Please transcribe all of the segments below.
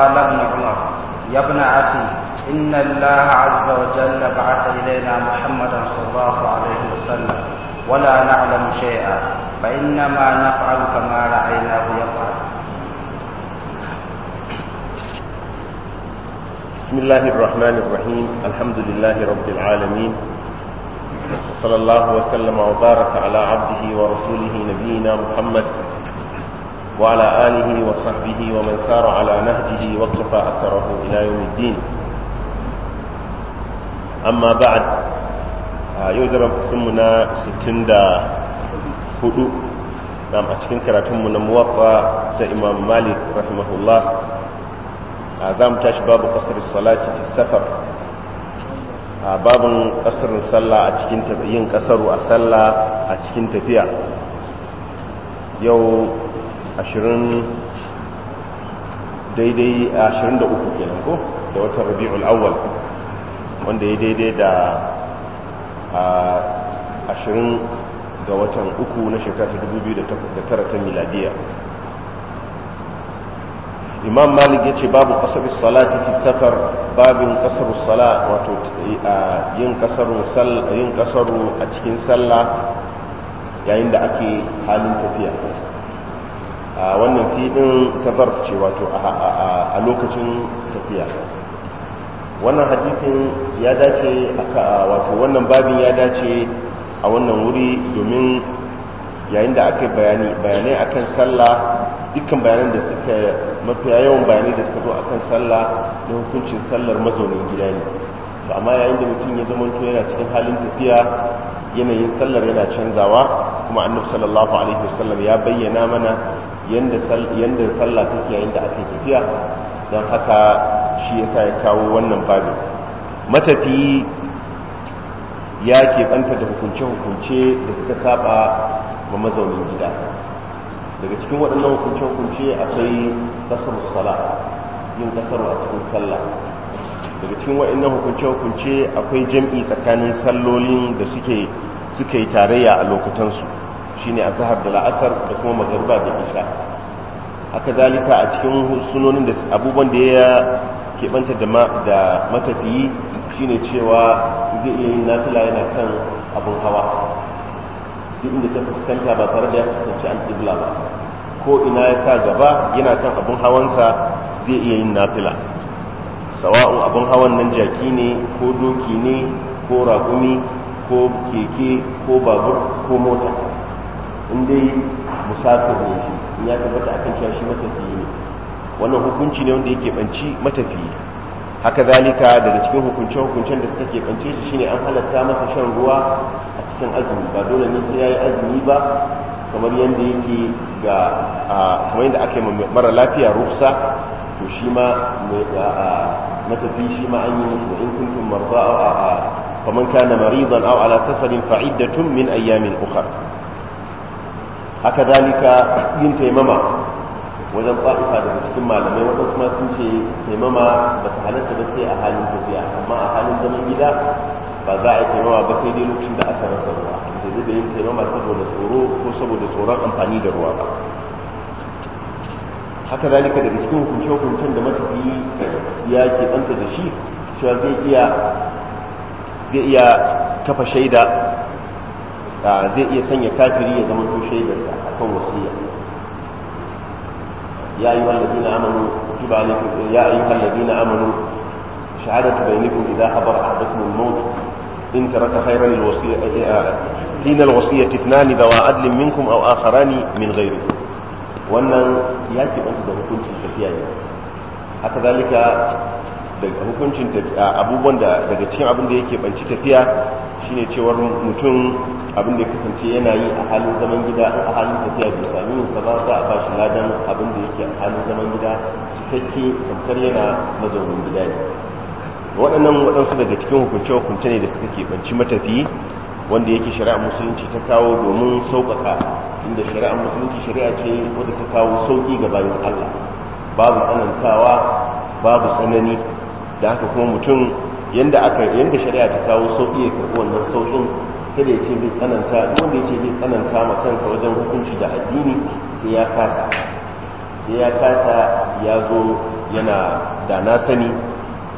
قال ابن عمر يا ابن أخي إن الله عز وجل بعث إلينا محمدا صلى الله عليه وسلم ولا نعلم شيئا فإنما نفعل كما رأيناه يفعل بسم الله الرحمن الرحيم الحمد لله رب العالمين وصلى الله وسلم وبارك على عبده ورسوله نبينا محمد وعلى آله وصحبه ومن سار على نهجه واقتفى أثره إلى يوم الدين أما بعد يوزر قسمنا ستين دا هدو نعم أشكين كراتم من موفى إمام مالك رحمه الله أعظم تشباب قصر الصلاة في السفر a babin kasirin sallah a cikin yin kasaru a sallah a cikin tafiya yau ashirin daidai ashirin da uku kenan ko da watan rabi'ul awwal wanda ya daidai da ashirin ga watan uku na shekara ta tara ta miladiya imam malik ya ce babu kasar salati fi safar babin kasar sala wato yin kasaru a cikin sallah yayin da ake halin tafiya a wannan fiɗin ta zarf ce wato a lokacin tafiya wannan hadisin ya dace wato wannan babin ya dace a wannan wuri domin yayin da aka bayani bayanai akan sallah dukkan bayanan da suka mafiya yawan bayanai da suka zo akan sallah da hukuncin sallar mazaunin gida ne to amma yayin da mutum ya zama to yana cikin halin tafiya yanayin sallar yana canzawa kuma annabi sallallahu alaihi wasallam ya bayyana mana yanda sallah take yayin da ake tafiya don haka shi ya sa ya kawo wannan babin matafi ya ke keɓanta da hukunce-hukunce da suka saba ma mazaunin gida daga cikin waɗannan hukunce-hukunce akwai ƙasar sala yin ƙasar a cikin sallah daga cikin waɗannan hukunce-hukunce akwai jam'i tsakanin sallolin da suke suka yi tarayya a lokutansu shine azhar da la'asar da kuma magariba da isha haka zalika a cikin sunonin da abubuwan da ya keɓanta da matafiyi shine cewa zai iya yin nafila yana kan abin hawa duk inda ta fuskanta ba tare da ya fuskanci an alƙibla ba ko ina ya sa gaba yana kan abun hawansa zai iya yin nafila sawa'un abun hawan nan jaki ne ko doki ne ko raƙumi ko keke ko babur ko mota in dai musafir ne shi in ya tabbata akan cewa shi matafiyi ne wannan hukunci ne wanda yake banci matafiyi haka zalika daga cikin hukuncin hukuncen da suka ke bance shi shine an halatta masa shan ruwa a cikin azumi ba dole ne sai yayi azumi ba kamar yadda yake ga kamar yadda aka yi mara lafiya rufsa to shi ma matafi shi ma an yi musu in kuntum marda a faman kana maridan aw ala safarin fa'iddatun min ayyamin ukhra haka zalika yin taimama wajen fa'ifa daga cikin malamai waɗansu ma sun ce taimama ba ta halatta ba sai a halin tafiya amma a halin zaman gida ba za a yi taimama ba sai dai lokacin da aka rasa ruwa sai zai da yin taimama saboda tsoro ko saboda tsoron amfani da ruwa ba haka zalika daga cikin hukunce-hukuncen da matafi ya ke ɗanta da shi cewa zai zai iya kafa shaida zai iya sanya kafiri ya zama tushe da sa akan wasiya ya yi ladina amanu kutiba alaykum ya ayyuhal ladina amanu shahadatu bainakum idha hadara ahadakum al-maut in taraka khayran al-wasiyya hina wasiya wasiyya ithnan dawa adlin minkum a aw ni min ghayrikum wannan ya ke da hukuncin tafiya ne haka zalika daga hukuncin abubuwan da daga cikin abin da yake banci tafiya shine cewar mutum abin da ya kasance yana yi a halin zaman gida a halin tafiya bai sami yin sa ba za a bashi ladan abin da yake a halin zaman gida cikakke tamkar yana mazaunin gida ne waɗannan waɗansu daga cikin hukunce-hukunce ne da suka ke banci matafi wanda yake shari'a musulunci ta kawo domin sauƙaƙa inda shari'a musulunci shari'a ce wadda ta kawo sauƙi ga bayan allah babu tsanantawa babu tsanani da haka kuma mutum yadda aka yanda shari'a ta kawo sauƙi ya karɓi wannan saukin kada ya ce zai tsananta wanda ya ce zai tsananta ma kansa wajen hukunci da addini sai ya kasa sai ya kasa ya zo yana da na sani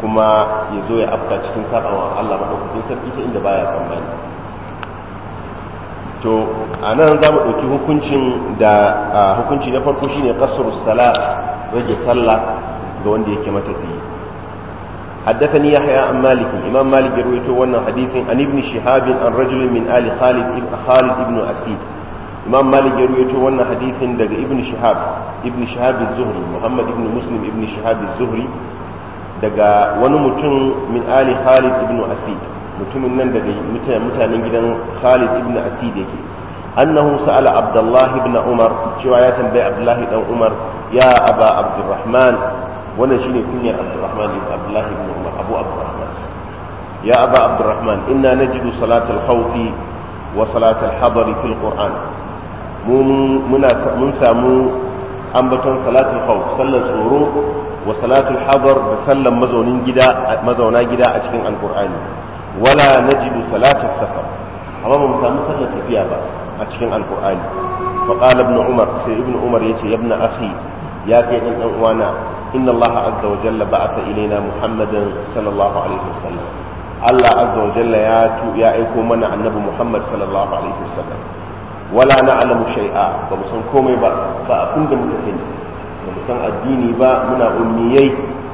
kuma ya zo ya afka cikin sabawa Allah madaukakin sarki ta inda baya tsammani to a nan za mu ɗauki hukuncin da hukunci na farko shine ƙasar sala rage sallah ga wanda yake matafiya. حدثني يحيى عن مالك إمام مالك رويته وانا حديث عن ابن شهاب عن رجل من آل خالد ابن خالد ابن أسيد إمام مالك رويته وانا حديث ابن شهاب ابن شهاب الزهري محمد ابن مسلم ابن شهاب الزهري daga wani mutum min ali khalid ibn asid mutumin nan daga mutanen gidan khalid ibn asid yake annahu sa'ala abdullahi ibn umar cewa ya tambayi abdullahi dan umar ya aba abdurrahman wannan shine kunyar abdurrahman ibn abdullah ibn umar abu abdurrahman ya aba abdurrahman inna najidu salatal khawfi wa salatal hadari fil qur'an mun samu ambaton salatul khawf sallar tsoro wa salatul hadar da sallar mazaunin gida mazauna gida a cikin alqur'ani wala najidu salatul safar amma mun mu samu sallar tafiya ba a cikin alqur'ani fa qala ibn umar sai ibn umar yace ya ibn akhi ya kai dan dan uwana إن الله عز وجل بعث إلينا محمدا صلى الله عليه وسلم الله عز وجل يا أيكم من النبي محمد صلى الله عليه وسلم ولا نعلم شيئا فمسان كومي فأكون دم كسني فمسان الديني با منا أميي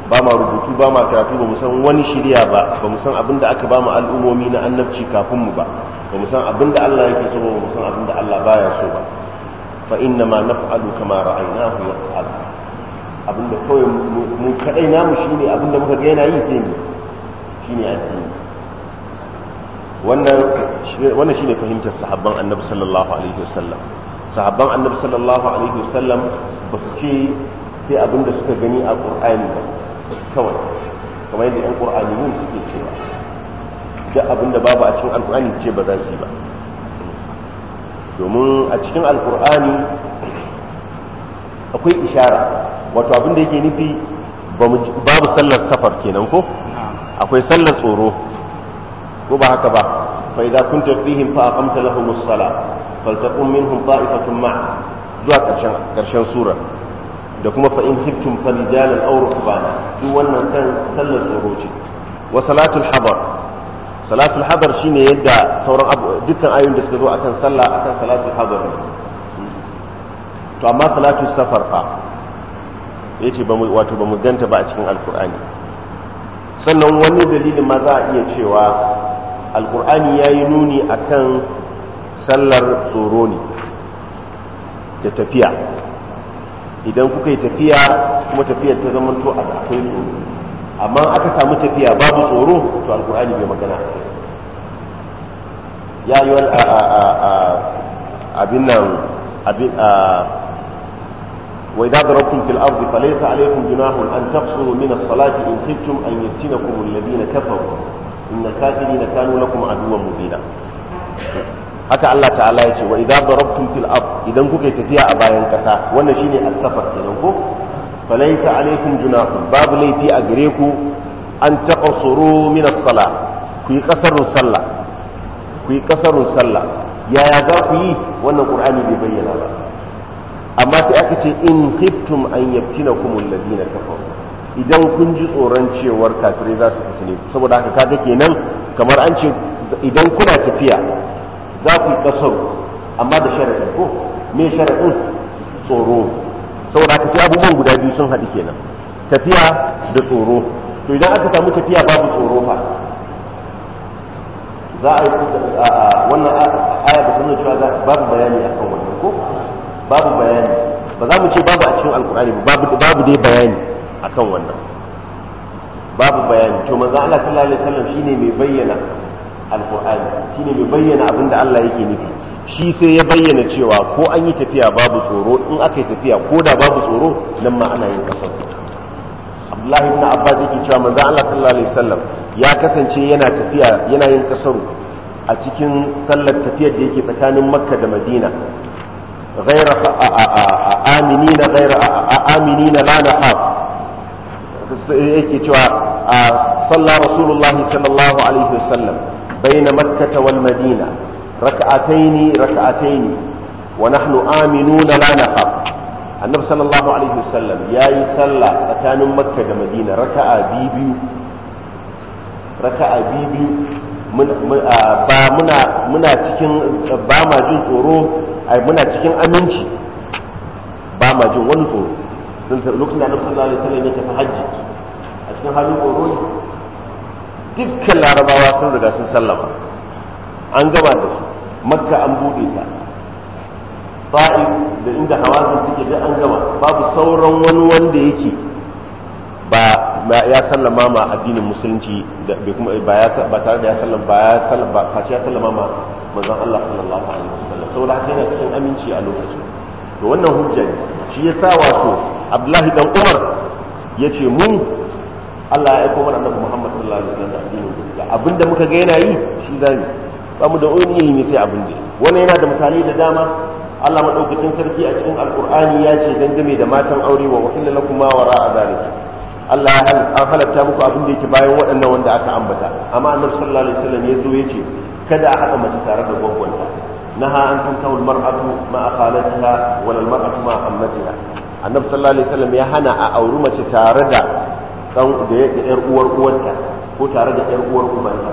ba ma rubutu ba ma karatu ba san wani shirya ba ba san abin da aka ba mu al'ummomi na annabci kafin mu ba ba san abin da Allah yake so ba san abin da Allah baya so ba fa ma naf'alu kama ra'aynahu abinda kawai mu kadai namu shine abinda muka ga yana yi sai mu shine addini wannan shi ne fahimtar sahabban annabi sallallahu alaihi wasallam sahabban annabi sallallahu alaihi wasallam ba su ce sai abinda suka gani a qur'ani ba kawai kamar yadda yan qur'ani mun suke cewa duk abinda babu a cikin alqur'ani ce ba za su yi ba domin a cikin alqur'ani akwai ishara wato abin da yake nufi babu sallar safar kenan ko akwai sallar tsoro ko ba haka ba fa idza kunta fihim fa aqamta lahum as-sala faltaqum minhum ta'ifatun ma zuwa karshen karshen sura da kuma fa in khiftum farijalan aw rukbana duk wannan kan sallar tsoro ce wa salatul hadar salatul hadar shine yadda sauran dukkan ayoyin da suka zo akan sallah akan salatul hadar to amma salatul safar fa ya ce wato ba mu ganta ba a cikin alkur'ani sannan wani dalilin ma za a iya cewa alkur'ani ya yi nuni a kan sallar tsoro ne da tafiya idan kuka yi tafiya kuma tafiyar ta zama to a akwai tsoro amma aka samu tafiya babu tsoro to alkur'ani bai magana ya yi wani abin nan وإذا ضربتم في الأرض فليس عليكم جناح أن تقصروا من الصلاة إن خفتم أن يفتنكم الذين كفروا إن الكافرين كانوا لكم عدوا مبينا haka Allah ta'ala ya ce wa idza darabtum fil ard idan kuke tafiya a bayan kasa wannan shine as-safar kenan ko falaysa alaykum junahun babu laifi a gare ku an taqasuru min as-sala ku yi kasarun sallah ku yi kasarun sallah yaya za ku yi wannan qur'ani bai bayyana ba amma sai aka ce in khiftum an yaftinakum alladhina kafaru idan kun ji tsoron cewar kafirai za su fitine saboda haka kaga kenan kamar an ce idan kuna tafiya za ku yi kasar amma da sharaɗin ko me sharaɗin tsoro saboda haka sai abubuwan guda biyu sun haɗu kenan tafiya da tsoro to idan aka samu tafiya babu tsoro fa za a yi wannan aya da kuma cewa babu bayani akan wannan ko babu bayani ba za mu ce babu a cikin alkur'ani ba babu dai bayani akan wannan babu bayani to manzo Allah sallallahu alaihi wasallam shine mai bayyana alkur'ani shine mai bayyana abin da Allah yake nufi shi sai ya bayyana cewa ko an yi tafiya babu tsoro in aka yi tafiya ko da babu tsoro nan ma ana yin kasar abdullahi ibn abbas yake cewa manzo Allah sallallahu alaihi wasallam ya kasance yana tafiya yana yin kasaru a cikin sallar tafiyar da yake tsakanin makka da madina غير آمنين غير آمنين لا نخاف صلى رسول الله صلى الله عليه وسلم بين مكة والمدينة ركعتين ركعتين ونحن آمنون لا نخاف النبي صلى الله عليه وسلم يا يسلى مكان مكة المدينة ركع بيبيو ركع بيبيو ba muna cikin ba ma jin tsoro ai muna cikin aminci ba ma jin wani tsoro sun lokacin da annabi san zai wasallam ya tafi hajji a cikin halin tsoro ne dukkan larabawa sun riga sun sallama an gaba da su makka an bude ta fa'id da inda hawazin suke da an gama babu sauran wani wanda yake ba ya sallama ma addinin musulunci ba tare da ya sallama ba ya sallama ba ya sallama ma manzon Allah sallallahu alaihi wasallam saboda haka yana cikin aminci a lokacin to wannan hujja ne shi ya sa wato abdullahi dan umar ya ce mu allah ya aiko mana annabi muhammad sallallahu alaihi wasallam da addinin gaskiya abinda muka ga yana yi shi zai ba mu da wani ne sai abin da wannan yana da misali da dama Allah madaukakin sarki a cikin alkur'ani ya ce dangane da matan aure wa wahilla lakum ma wara'a zalika Allah ya an halatta muku abin da yake bayan waɗannan wanda aka ambata amma annabi sallallahu alaihi wasallam ya zo yace kada a haɗa mace tare da gwagwanta نهى أن تنكه المرأة مع خالتها ولا المرأة مع عمتها النبي صلى الله عليه وسلم يا هنا أورمة تاردة da ‘yar uwar uwanta ko tare da ‘yar uwar ubanta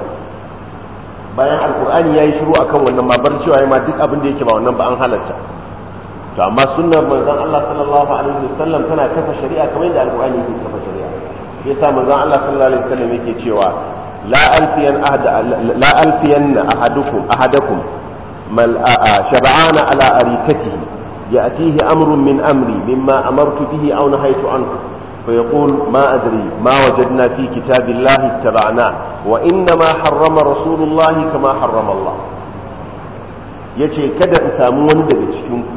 bayan alkur'ani ya yi shiru a kan wannan ma bar cewa ya ma duk abin da yake ba wannan ba an halarta to amma sunnar manzon Allah sallallahu alaihi wasallam tana kafa shari'a kamar yadda alkur'ani yake kafa shari'a yasa manzon Allah sallallahu alaihi wasallam yake cewa la alfiyan ahada la alfiyan ahadukum ahadakum شبعان على أريكته يأتيه أمر من أمري مما أمرت به أو نهيت عنه فيقول ما أدري ما وجدنا في كتاب الله اتبعناه وإنما حرم رسول الله كما حرم الله yace kada in samu wani daga cikin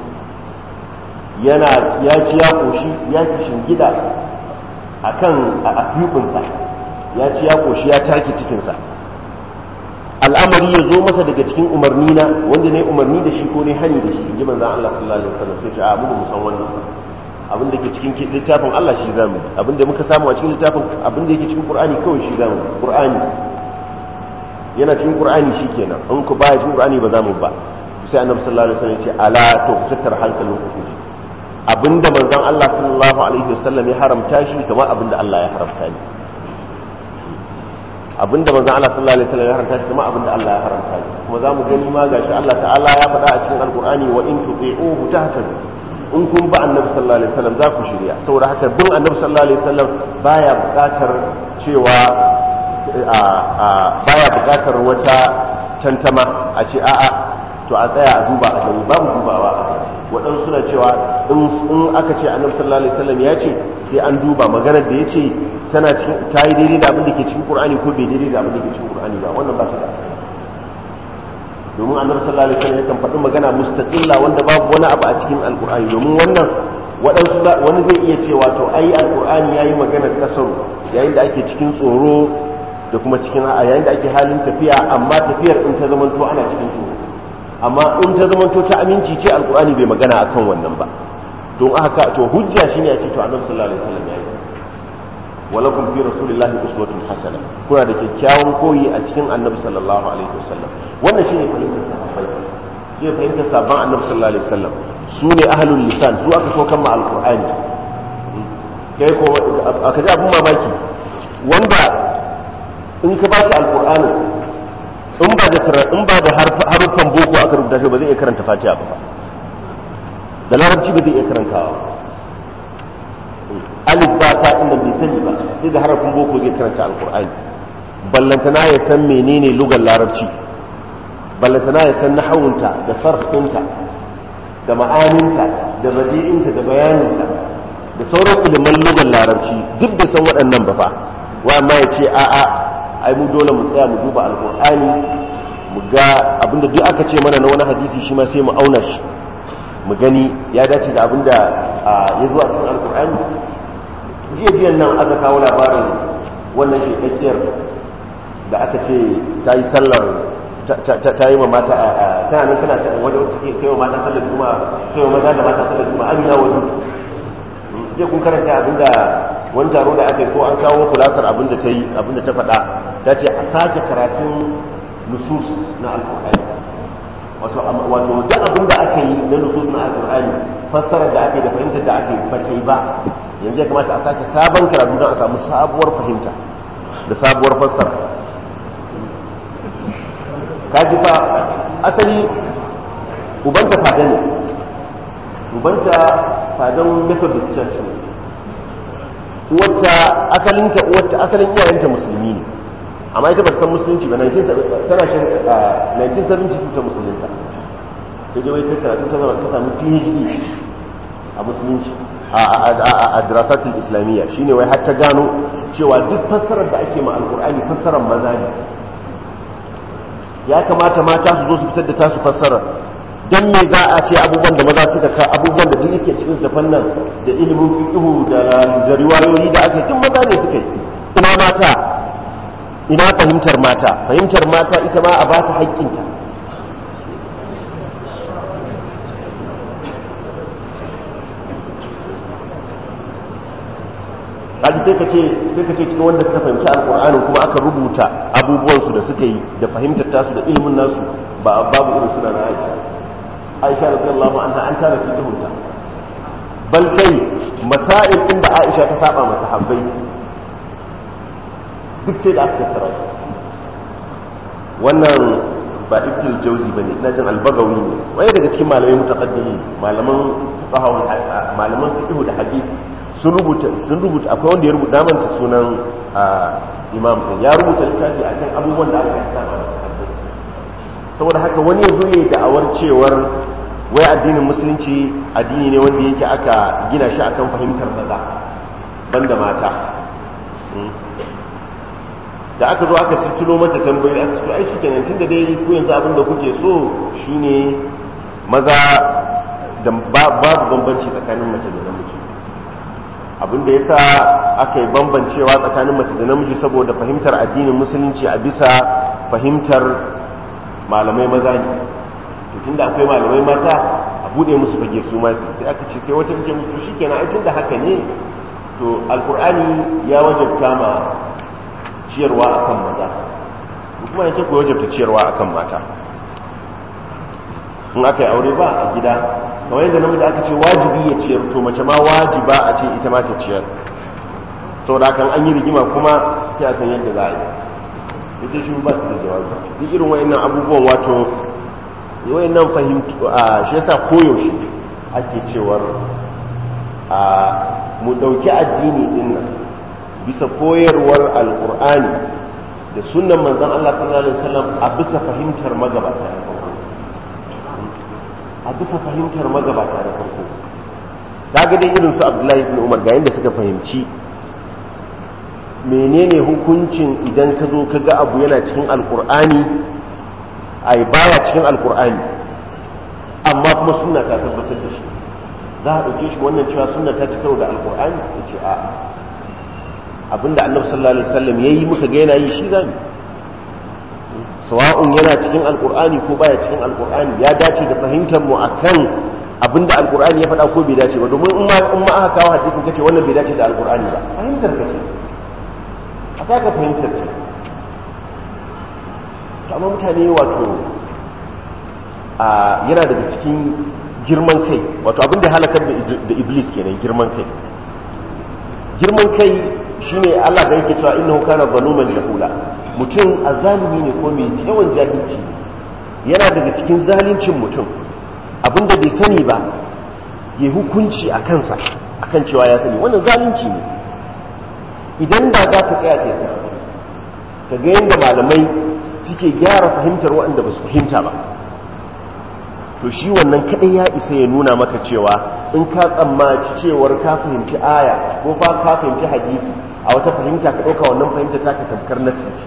yana ya ci ya koshi ya ci shingida akan a afiyukunsa ya ci ya koshi ya take cikinsa al'amari ya zo masa daga cikin umarni na wanda ne umarni da shi ko ne hani da shi in ji manzan Allah sallallahu alaihi wasallam sai ce a mu san wannan abin da ke cikin littafin Allah shi zamu abin da muka samu a cikin littafin abin da yake cikin Qur'ani kawai shi zamu Qur'ani yana cikin Qur'ani shikenan in ku baya cikin Qur'ani ba zamu ba sai annabi sallallahu alaihi wasallam ya ce ala to fitar hankalin ku abinda manzon Allah sallallahu alaihi wasallam ya haramta shi kamar abinda Allah ya haramta ni. abinda manzon Allah sallallahu alaihi wasallam ya haramta shi kuma abinda Allah ya haramta shi kuma zamu gani ma gashi Allah ta'ala ya faɗa a cikin alqur'ani wa in tuti'uhu tahtadu in kun ba annabi sallallahu alaihi wasallam za ku shirya saboda haka bin annabi sallallahu alaihi wasallam baya buƙatar cewa baya buƙatar wata tantama a ce a'a to a tsaya a duba a gani babu dubawa waɗansu suna cewa in aka ce annabi sallallahu alaihi wasallam ya ce sai an duba maganar da ya ce tana ta yi daidai da abin da ke cikin qur'ani ko bai daidai da abin da ke cikin qur'ani ba wannan ba su da domin annabi sallallahu alaihi wasallam yakan faɗi magana mustaqilla wanda babu wani abu a cikin alqur'ani domin wannan waɗansu wani zai iya cewa to ai alqur'ani yayi maganar kasar yayin da ake cikin tsoro da kuma cikin yayin da ake halin tafiya amma tafiyar in ta zamanto ana cikin tsoro amma in ta zamanto ta aminci ce alqur'ani bai magana akan wannan ba don haka to hujja shine a ce to annabi sallallahu alaihi wasallam yayi walakum fi rasulillahi uswatun hasana kuna da kyakkyawan koyi a cikin annabi sallallahu alaihi wasallam wannan shine fahimtar sahabbai fahimtar sabon annabi sallallahu alaihi wasallam su ne ahlul lisan su aka so kan ma kai ko aka ji abun mamaki wanda in ka ba shi in ba da in ba da boko aka rubuta shi ba zai iya karanta fatiha ba da larabci ba zai iya karantawa alif ba ta inda bai sani ba sai da harafin boko zai karanta alkur'ani ballantana ya san menene lugar larabci ballantana ya san nahawunta da sarfinta da ma'aninta da radi'inta da bayaninta da sauran ilimin lugar larabci duk da san waɗannan ba fa wa ya ce a'a ai mu dole mu tsaya mu duba alkur'ani mu ga abinda duk aka ce mana na wani hadisi shi ma sai mu auna shi mu gani ya dace da abinda ya zo a cikin alkur'ani jiya jiyan nan aka kawo labarin wannan shekakkiyar da aka ce ta yi sallar ta yi wa mata a tana ta tana wajen suke kai wa mata sallar juma'a kai wa maza da mata sallar juma'a amina wajen zai hmm, kun karanta abin da wani taro da aka yi ko an kawo kulasar abin da ta yi abin da ta faɗa ta ce a sake karatun nusus na alkur'ani wato duk da aka yi na nusus na alkur'ani fassarar da aka yi da fahimtar da aka ba ta yi ba yanzu ya kamata a sake sabon karatu don a samu sabuwar fahimta da sabuwar fassara kaji fa asali ubanta fada ne ubanta fadan methodist church ne uwarta asalinta uwarta asalin iyayenta musulmi ne amma ita ba san musulunci ba 1970 ah, ta musulunta ta je wai ta karatu ta zama ta samu phd a musulunci a dirasatul islamiyya shine wai har ta gano cewa duk fassarar da ake ma alkur'ani fassarar maza ne ya kamata mata su zo su fitar da tasu fassarar don me za a ce abubuwan da maza suka ka abubuwan da duk yake cikin tafan da ilimin fiqhu da da da aka tun maza ne suka yi ina mata ina fahimtar mata fahimtar mata ita ma a ba ta haƙƙinta kaji sai ka ce sai ka ce cikin wanda suka fahimci alqur'ani kuma aka rubuta abubuwan su da suka yi da fahimtar tasu da ilimin nasu ba babu irin suna na Aisha Aisha radiyallahu anha an tara fi duhunta bal kai masail din da Aisha ta saba masa habbai duk sai da aka tattara wannan ba ibnul jauzi bane ina jin albagawi ne wai daga cikin malamai mutaqaddimi malaman fuqaha malaman fiqh da hadisi sun rubuta akwai wanda ya rubuta ta sunan imam din ya rubuta littafi a kan abubuwan da aka yi saboda haka wani ya zo da awar cewar wai addinin musulunci addini ne wanda yake aka gina shi akan fahimtar maza banda mata hmm. da aka zo aka fitilo mata tambayi aka so ai shikenan tunda dai ku yanzu abin da kuke so shine maza da babu bambanci tsakanin mace da abin da yasa aka yi bambancewa tsakanin mace da namiji saboda fahimtar addinin musulunci a bisa fahimtar malamai maza ne to tunda akwai malamai mata a bude musu fage su ma sai aka ce sai wata mace musu shikenan aikin da haka ne to alkur'ani ya wajabta ma ciyarwa akan maza kuma ya ce ku wajabta ciyarwa akan mata in aka yi aure ba a gida kawai yadda namiji aka ce wajibi ya ciyar to mace ma wajiba a ce ita ma ta ciyar sau da kan an yi rigima kuma sai a san yadda za a yi ita shi ba su da jawabi duk irin wayannan abubuwan wato wayannan fahimtu a shi yasa koyaushe ake cewar a mu dauki addini din nan bisa koyarwar alqur'ani da sunan manzan Allah sallallahu alaihi wasallam a bisa fahimtar magabata a bisa fahimtar magabata da farko kaga dai irin su abdullahi ibn umar ga yadda suka fahimci menene hukuncin idan ka zo ka ga abu yana cikin alkur'ani yi baya cikin alkur'ani amma kuma suna ta tabbatar da shi za a ɗauke shi wannan cewa suna ta ci da alkur'ani ya ce a abinda annabi sallallahu alaihi wasallam yayi muka ga yana yi shi zami sawa'un yana cikin alkur'ani ko baya cikin alkur'ani ya dace da fahimtar mu akan abinda alkur'ani ya faɗa ko bai dace ba domin in ma in ma aka kawo hadisin kace wannan bai dace da alkur'ani ba fahimtar ka ce ta ka fahimtar ce amma mutane wato a yana daga cikin girman kai wato abinda halakar da iblis kenan girman kai girman kai shine Allah ga yake cewa innahu kana zaluman jahula mutum zalimi ne ko mai yawan jahilci yana daga cikin zalincin mutum abinda bai sani ba ya hukunci a kansa a kan cewa ya sani wannan zalunci ne idan ba za ka tsaya ke ka ga yadda malamai suke gyara fahimtar waɗanda ba su fahimta ba to shi wannan kaɗai ya isa ya nuna maka cewa in ka tsammaci cewar ka fahimci aya ko ba ka fahimci hadisi a wata fahimta ka ɗauka wannan fahimta ta ka tamkar nasi.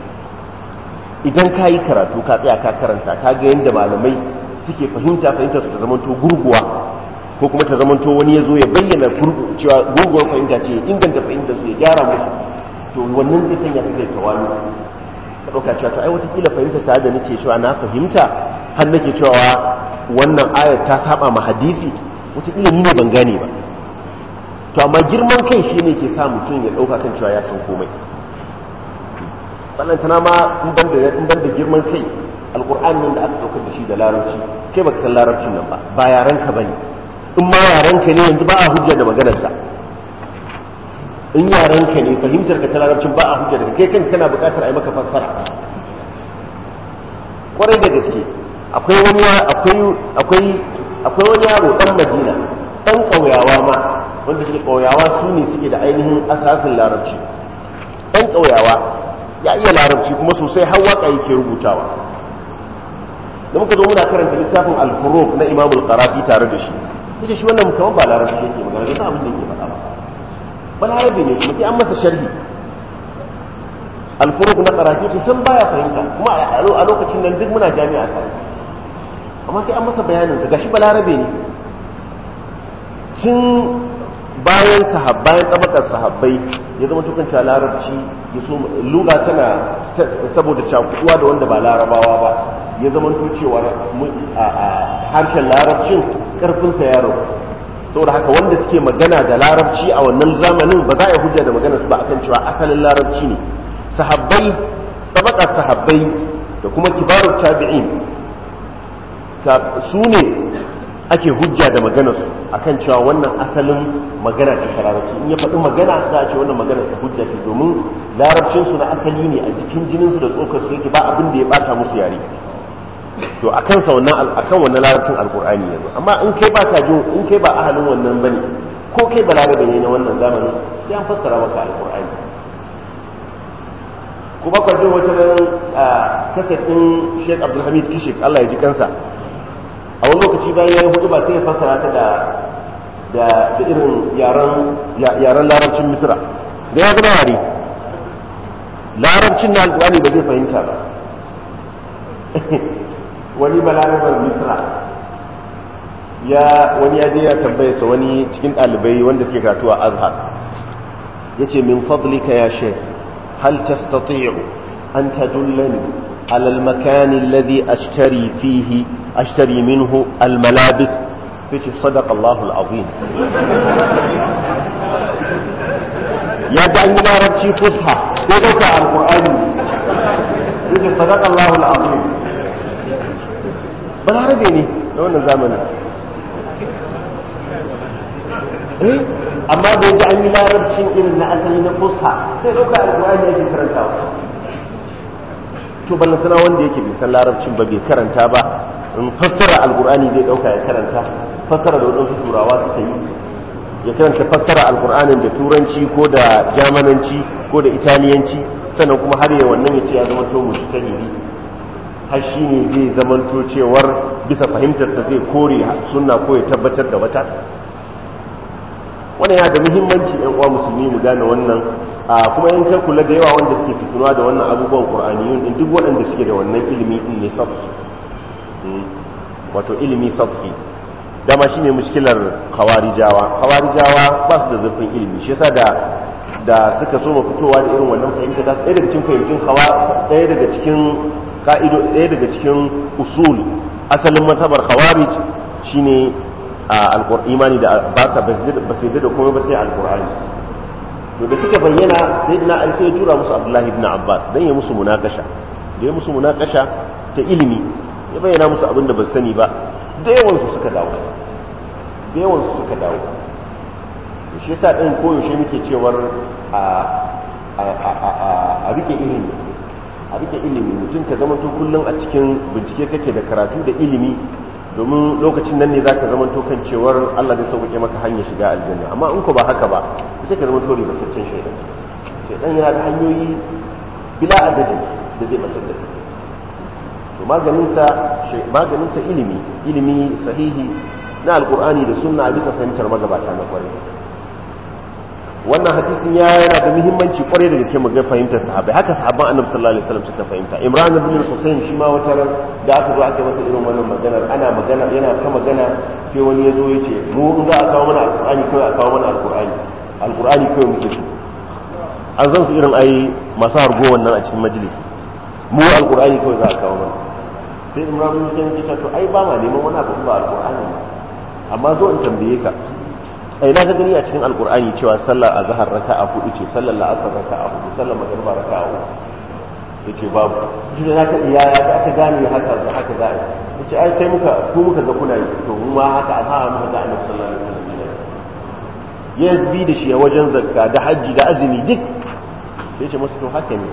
idan ka yi karatu ka tsaya ka karanta ka ga yadda malamai suke fahimta fahimta su ta zamanto gurguwa ko kuma ta zamanto wani ya zo ya bayyana cewa gurguwar fahimta ce inganta fahimta su ya gyara musu to wannan zai sanya su zai tawani ka ɗauka cewa to ai watakila fahimta ta da nake cewa na fahimta har nake cewa wannan ayar ta saba ma hadisi watakila ni ne ban gane ba to amma girman kai shine ke sa mutum ya ɗauka kan cewa ya san komai tana ma in ban da in ban da girman kai Alƙur'an nan da aka saukar da shi da larabci kai baka san larabcin nan ba ba yaren ka bane in ma yaren ka ne yanzu ba a hujja da maganar in yaren ka ne fahimtar ka ta larabcin ba a hujja da kai kanka kana buƙatar a yi maka fassara kwarai da gaske akwai wani akwai akwai akwai wani yaro dan Madina dan kauyawa ma wanda shi kauyawa su ne suke da ainihin asasin larabci dan kauyawa ya iya larabci kuma sosai har waka yake rubutawa da muka zo muna karanta littafin al-furuq na Imam al-Qarafi tare da shi kace shi wannan kaman ba larabci yake magana da abin da yake faɗa ba ba larabci ne kuma sai an masa sharhi al-furuq na Qarafi shi san baya fahimta kuma a lokacin nan duk muna jami'a tare amma sai an masa bayanin sa gashi ba larabci ne tun bayan sahabbayan tabakar sahabbai ya zama tukunta larabci ya so luga tana saboda cakuwa da wanda ba larabawa ba ya zama tucewa a harshen larabcin karfinsa ya rabu saboda haka wanda suke magana da larabci a wannan zamanin ba za a yi hujja da su ba akan cewa asalin larabci ne sahabbai tabakar sahabbai da kuma kibarun tabi'in su ne ake hujja da maganarsu akan cewa wannan asalin magana ta larabci in ya faɗi magana za a ce wannan maganar su hujja ce domin larabcinsu na asali ne a jikin jininsu da tsokar su yake ba abin da ya bata musu yare to akan sa wannan akan wannan larabcin alqur'ani yanzu amma in kai ba ka jin in kai ba ahalin wannan bane ko kai balarabe ne na wannan zamani sai an fassara maka alqur'ani kuma kwajin wata nan a Sheikh Abdulhamid Kishik Allah ya ji kansa a wani lokaci bayan yayin hudu ba sai ya fassara ta da da irin yaran yaran larabcin misra da ya zama wari larabcin na alƙur'ani ba zai fahimta ba wani balarabar misra ya wani ya je ya tambaye sa wani cikin ɗalibai wanda suke karatu a azhar ya ce min fadlika ya shek hal tastati'u an tadullani على المكان الذي أشتري fihi ashtari minhu almalabis yace sadaqa Allahu alazim ya ga an larabci fusha sai dauka alqur'ani yace sadaqa Allahu alazim balarabe ne da wannan zamanin amma da yaji an yi larabcin irin na asali na sai to ballantana wanda yake bai san larabcin ba bai karanta ba in fassara alkur'ani zai dauka ya karanta fassara da wadansu turawa ta yi ya karanta fassara alkur'anin da turanci ko da jamananci ko da italiyanci sannan kuma har ya wannan ya ce ya zama to ne har shi ne zai to cewar bisa fahimtarsa zai kore suna ko ya tabbatar da wata wannan yana da muhimmanci yan uwa musulmi mu gane wannan kuma yan kai kula da yawa wanda suke fitunuwa da wannan abubuwan qur'aniyun din duk waɗanda suke da wannan ilimi din ne sabu wato ilimi sabki dama shine muskilar kawarijawa kawarijawa ba su da zurfin ilimi shi yasa da da suka so mu fitowa da irin wannan fahimta ta tsaye daga cikin fahimtun hawa tsaye daga cikin ka'ido tsaye daga cikin usul asalin matabar khawarij shine a imani da ba sa ba da kuma ba sai alkur'ani to da suka bayyana sai sayyidina ali sai ya tura musu abdullahi ibn abbas dan ya musu munakasha da ya musu munakasha ta ilimi ya bayyana musu abin da ba sani ba da yawansu suka dawo da yawansu suka dawo da shi sa ɗin yaushe muke cewar a rike ilimi a rike ilimi mutum ka zama kullum a cikin bincike kake da karatu da ilimi domin lokacin nan ne za ka zama kan cewar Allah zai sauƙaƙe maka hanyar shiga aljanna amma in ko ba haka ba sai ka zama to ribataccen shaidan shaidan yana da hanyoyi bila adadin da zai batar da to maganinsa ilimi ilimi sahihi na alkur'ani da sunna a bisa fahimtar magabata na kwarai wannan hadisin ya yana da muhimmanci kwarai da gaske ga fahimtar sahabbai haka sahabban annabi sallallahu alaihi wasallam suka fahimta imran ibn al-husayn shi ma wata ran da aka zo aka masa irin wannan magana ana magana yana ta magana sai wani ya zo ya ce mu in za a kawo mana alqur'ani ko a kawo mana alqur'ani alqur'ani ko muke so an zan su irin ai masu hargo wannan a cikin majalisi mu alqur'ani ko za a kawo mana sai da muslim ya ce to ai ba ma neman wani abu ba alqur'ani amma zo in tambaye ka a ina ka gani a cikin alqur'ani cewa sallar azhar raka'a hudu ce sallar la'asar raka'a hudu sallar magriba raka'a hudu yace babu shi da zaka iya ya ka aka gane haka da haka da yace ai kai muka ko muka ga kuna yi to mu ma haka azhar muka ga annabi sallallahu alaihi wasallam ya bi da shi wajen zakka da hajji da azumi duk sai ce musu to haka ne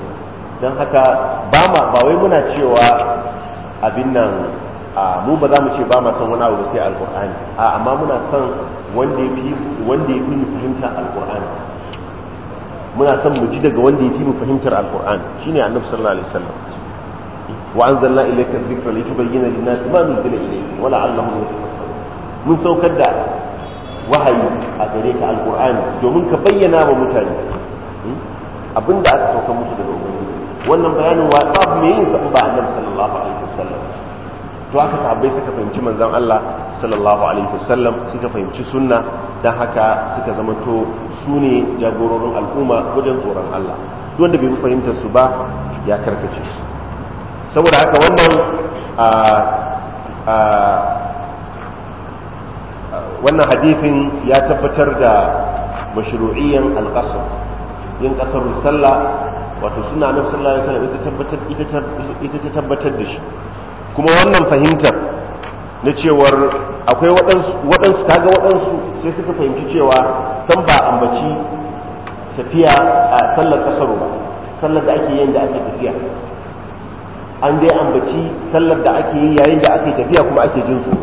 don haka ba ma ba wai muna cewa abin nan mu ba za mu ce ba ma san wani abu sai alkur'ani a amma muna son wanda ya fi wanda ya fi mu fahimtar alkur'ani muna son mu ji daga wanda ya fi mu fahimtar alkur'ani shine annabi sallallahu alaihi wasallam wa anzalna ilayka dhikra tubayyana lin-nasi ma nuzila ilayhi wa la'allahum yatafakkarun mun saukar da wahayi a gare ka alkur'ani domin ka bayyana wa mutane hmm, abinda aka saukar musu daga ubangiji wannan bayanin wa babu me yin sa ba annabi sallallahu alaihi wasallam to haka sahabbai suka fahimci manzon Allah sallallahu alaihi wasallam suka fahimci sunna dan haka suka zama to sune jagororin al'umma wajen tsoron Allah wanda bai fahimta su ba ya karkace saboda haka wannan wannan hadifin ya tabbatar da mashru'iyyan al yin kasar sallah wato suna nan sallallahu alaihi wasallam ita ta tabbatar da shi kuma wannan fahimtar na cewar akwai waɗansu kaga waɗansu sai suka fahimci cewa san ba ambaci tafiya a sallar kasaro ba sallar da ake yin da ake tafiya an dai ambaci sallar da ake yi yayin da ake tafiya kuma ake jin tsoro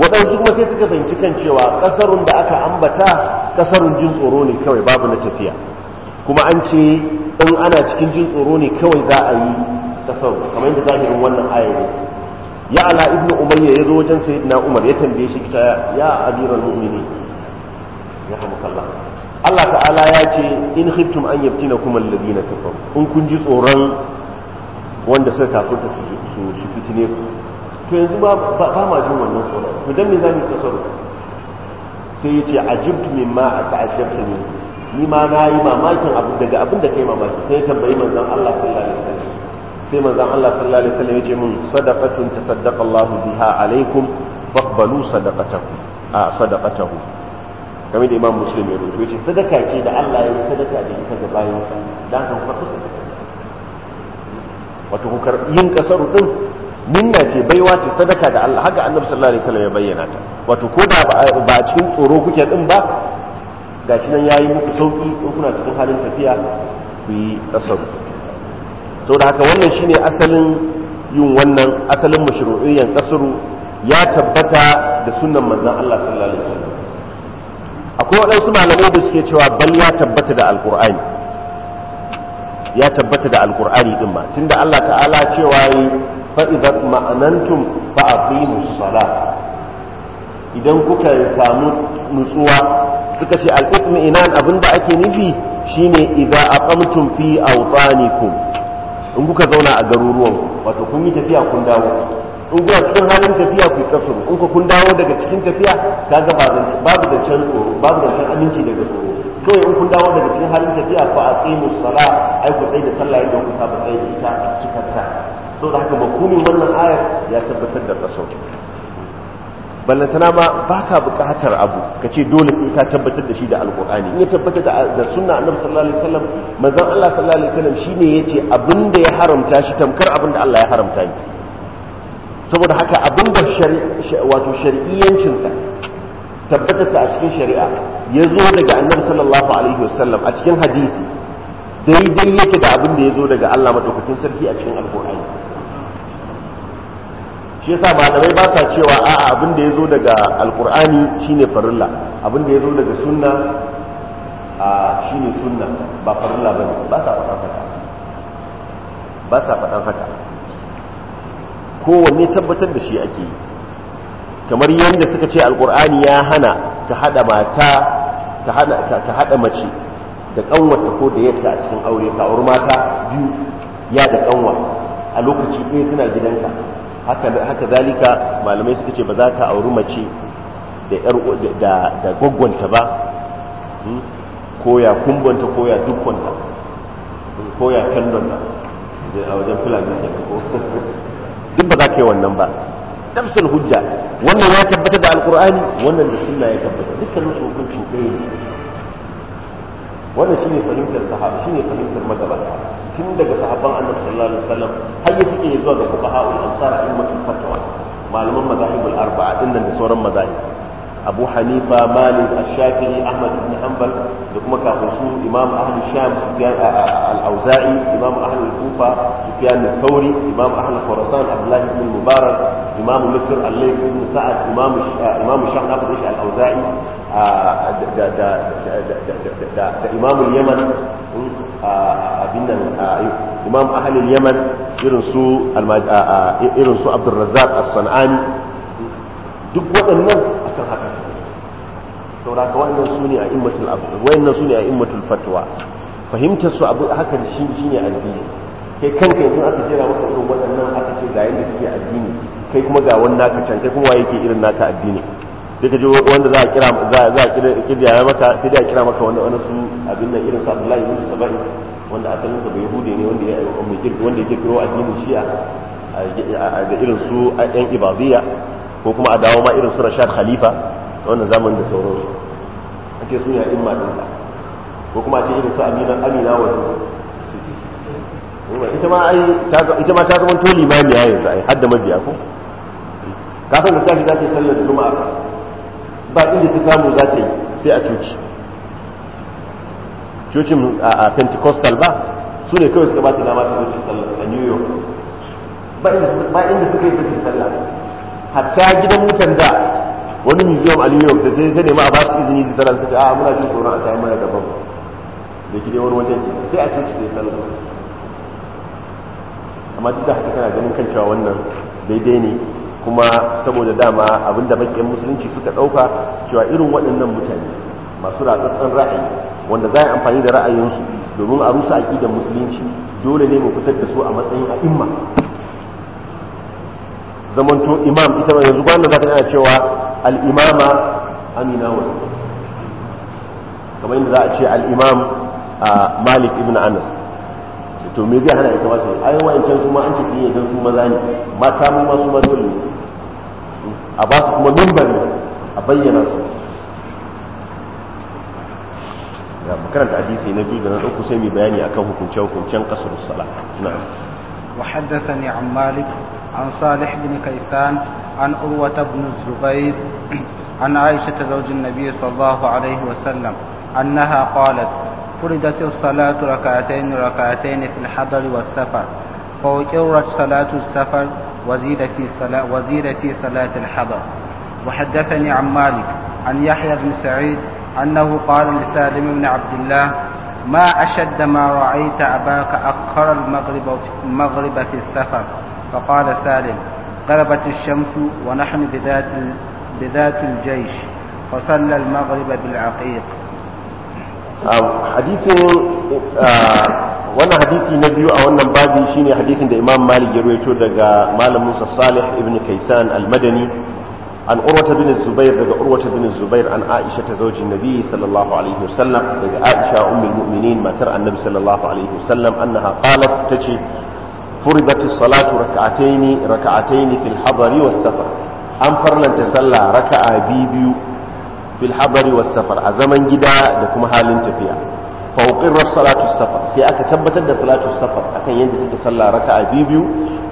waɗansu kuma sai suka fahimci kan cewa ƙasarun da aka ambata ƙasarun jin tsoro ne kawai babu na tafiya kuma an ce in ana cikin jin tsoro ne kawai za a yi sau kamar yadda zahirin wannan aya ne ya ala ibnu umayya ya zo wajen sayyidina umar ya tambaye shi ta ya amiral mu'minin ya kalla Allah ta'ala ya ce in khiftum an yabtinakum alladhina kafaru in kun ji tsoron wanda suka kafirta su su fitine ku to yanzu ba ba ma jin wannan tsoron to dan me zamu tasawuf sai ya ce ajibtu mimma ata'ajjabtu minhu ni ma na yi mamakin abu daga abin da kai mamaki sai tambayi manzon Allah sallallahu alaihi wasallam sai manzon Allah sallallahu alaihi wasallam yace mun sadaqatun tasaddaqa Allah biha alaikum faqbalu sadaqatahu a sadaqatahu kamar da Imam Muslim ya rubuta yace sadaka ce da Allah ya sadaka da ita ga bayansa dan kan fa sadaka wato ku yin kasaru din minna ce baiwa ce sadaka da Allah haka Annabi sallallahu alaihi wasallam ya bayyana ta wato ko da ba a cikin tsoro kuke din ba gashi nan yayi muku sauki in kuna cikin halin tafiya ku yi kasar to da haka wannan shine asalin yin wannan asalin mashru'iyyan kasaru ya tabbata da sunnan manzon Allah sallallahu alaihi wasallam akwai waɗansu malamai da suke cewa bal ya tabbata da alqur'ani ya tabbata da alqur'ani din ma tunda Allah ta'ala cewa yi fa idza ma'anantum fa aqimus salat idan kuka samu nutsuwa suka ce al'ukmi ina abin da ake nufi shine a ƙamtun fi awtanikum in kuka zauna a garuruwan wato kun yi tafiya kun dawo in kuka cikin halin tafiya ku kasu in kuka kun dawo daga cikin tafiya kaga babu da can tsoro babu da can aminci daga tsoro kawai in kun dawo daga cikin halin tafiya fa aqimu sala ai ku tsaye da sallah yadda kuka ba tsaye da ita cikarta so da haka makumin wannan ayar ya tabbatar da kasuru ballantana ma ba ka buƙatar abu ka ce dole sai ka tabbatar da shi da alƙur'ani in ya tabbatar da sunna annabi sallallahu alaihi wasallam manzon Allah sallallahu alaihi wasallam shine yace abin da ya haramta shi tamkar abin da Allah ya haramta ni saboda haka abin da wato shari'iyyancin sa tabbatar a cikin shari'a ya zo daga annabi sallallahu alaihi wasallam a cikin hadisi daidai yake da abin da ya zo daga Allah madaukakin sarki a cikin alƙur'ani shi yasa malamai ba sa cewa a'a abin da ya zo daga alkur'ani shine farilla abin da ya zo daga sunna a shine sunna ba farilla ne ba sa faɗan haka ba sa faɗan haka kowanne tabbatar da shi ake yi kamar yadda suka ce alkur'ani ya hana ta hada mata ta hada mace da ƙanwata ko da yadda a cikin aure ta mata biyu ya da kanwa a lokaci ɗaya suna gidanka haka zalika malamai suka ce ba za ka auri mace da gwaggwanta ba hmm? koya kumbanta koya dukwanta hmm? ya kallonta a wajen fulani da ko duk ba za ka yi wannan ba tafsir hujja wannan ya tabbata da alkur'ani wannan da sunna ya tabbata dukkanin su hukunci ɗaya ne wannan shine fahimtar sahaba shine fahimtar magabata tun daga sahabban annabi sallallahu alaihi wasallam har ya suke zuwa ga fuqaha'ul ansar a ummatul fatwa malaman mazahibul arba'a din nan da sauran mazahib abu hanifa malik ash-shafi'i ahmad ibn hanbal da kuma kafin su imam ahli sham sufyan al-auza'i imam ahli kufa sufyan al-thawri imam ahli khurasan abdullah ibn mubarak imam misr al-layth ibn sa'ad imam imam shahm abu al-auza'i da da da da da imam al-yaman abin imam ahalil yaman irin su irin su as-sanani duk waɗannan akan haka sauraka wannan su ne a immatul wayannan su ne a immatul fatwa fahimtar su abu haka shi shine addini kai kanka idan aka jira maka irin waɗannan aka ce ga yanda suke addini kai kuma ga wannan naka can kai kuma waye irin naka addini sai ka ji wanda za a kira za a kira maka sai dai a kira maka wanda wani su abin nan irin su Abdullahi ibn Sabai wanda asalin sa Yahudi ne wanda ya wanda ya kirkiro addinin Shi'a ga irin su ɗan Ibadiyya ko kuma a dawo ma irin su Rashad Khalifa wannan zaman da sauransu ake su ne a imma ɗinka ko kuma a ce irin su Amina Amina wasu ita ma ai ita ma ta zama to limamiya yanzu ai har da mabiya ko kafin ka tashi za ta yi sallar juma'a ba inda ta samu za ta yi sai a coci cocin a pentecostal ba su ne kawai suka ba ta dama ta cocin a new york ba inda suka yi cocin sallah hatta gidan mutan da wani museum a new york da sai sai ma a ba su izini su sallah ta ce a muna jin tsoron a yi mana daban da ki dai wani wajen ke sai a coci zai sallah amma duk da haka tana ganin kan cewa wannan daidai ne kuma saboda dama abinda bakin musulunci suka dauka cewa irin waɗannan mutane masu ratsatsen ra'ayi wanda za a amfani da ra'ayinsu domin a rusa aƙidar musulunci dole ne mu fitar da su a matsayin a'imma to imam ita ma yanzu kwanan za ta yana cewa al'imama amina wa kamar yadda za a ce al'imam malik ibn anas to me zai hana ita mata ai yankin su ma an ce tiye don su maza ne mata mu ma su ma a ba su kuma mimbari a bayyana su ga makaranta hadisi na biyu da na ɗauku sai mai bayani akan hukunce-hukuncen ƙasar sala na'am وحدثني عن مالك عن صالح بن كيسان عن أروة بن الزبير عن عائشة زوج النبي صلى الله عليه وسلم أنها قالت فردت الصلاة ركعتين ركعتين في الحضر والسفر فوقرت صلاة السفر وزيد في صلاة, وزيد في صلاة الحضر وحدثني عن مالك عن يحيى بن سعيد أنه قال لسالم بن عبد الله ما أشد ما رأيت أباك أقر المغرب, المغرب في السفر فقال سالم غربت الشمس ونحن بذات, بذات الجيش فصلى المغرب بالعقيق حديث آه، wannan hadisi na biyu a wannan babi shine hadisin da imam malik ya rawaito daga malam musa salih ibn kaisan al-madani an urwata bin zubair daga urwata bin zubair an aisha ta zaujin nabi sallallahu alaihi wasallam daga aisha ummul mu'minin matar annabi sallallahu alaihi wasallam annaha qalat tace فرضت الصلاة ركعتين ركعتين في الحضر والسفر أم فرلن تسلى ركعة بيبيو في الحضر والسفر أزمن جدا لكم حال تفيا fauƙirar salatu safar sai aka tabbatar da salatu safar akan yadda take sallah raka biyu biyu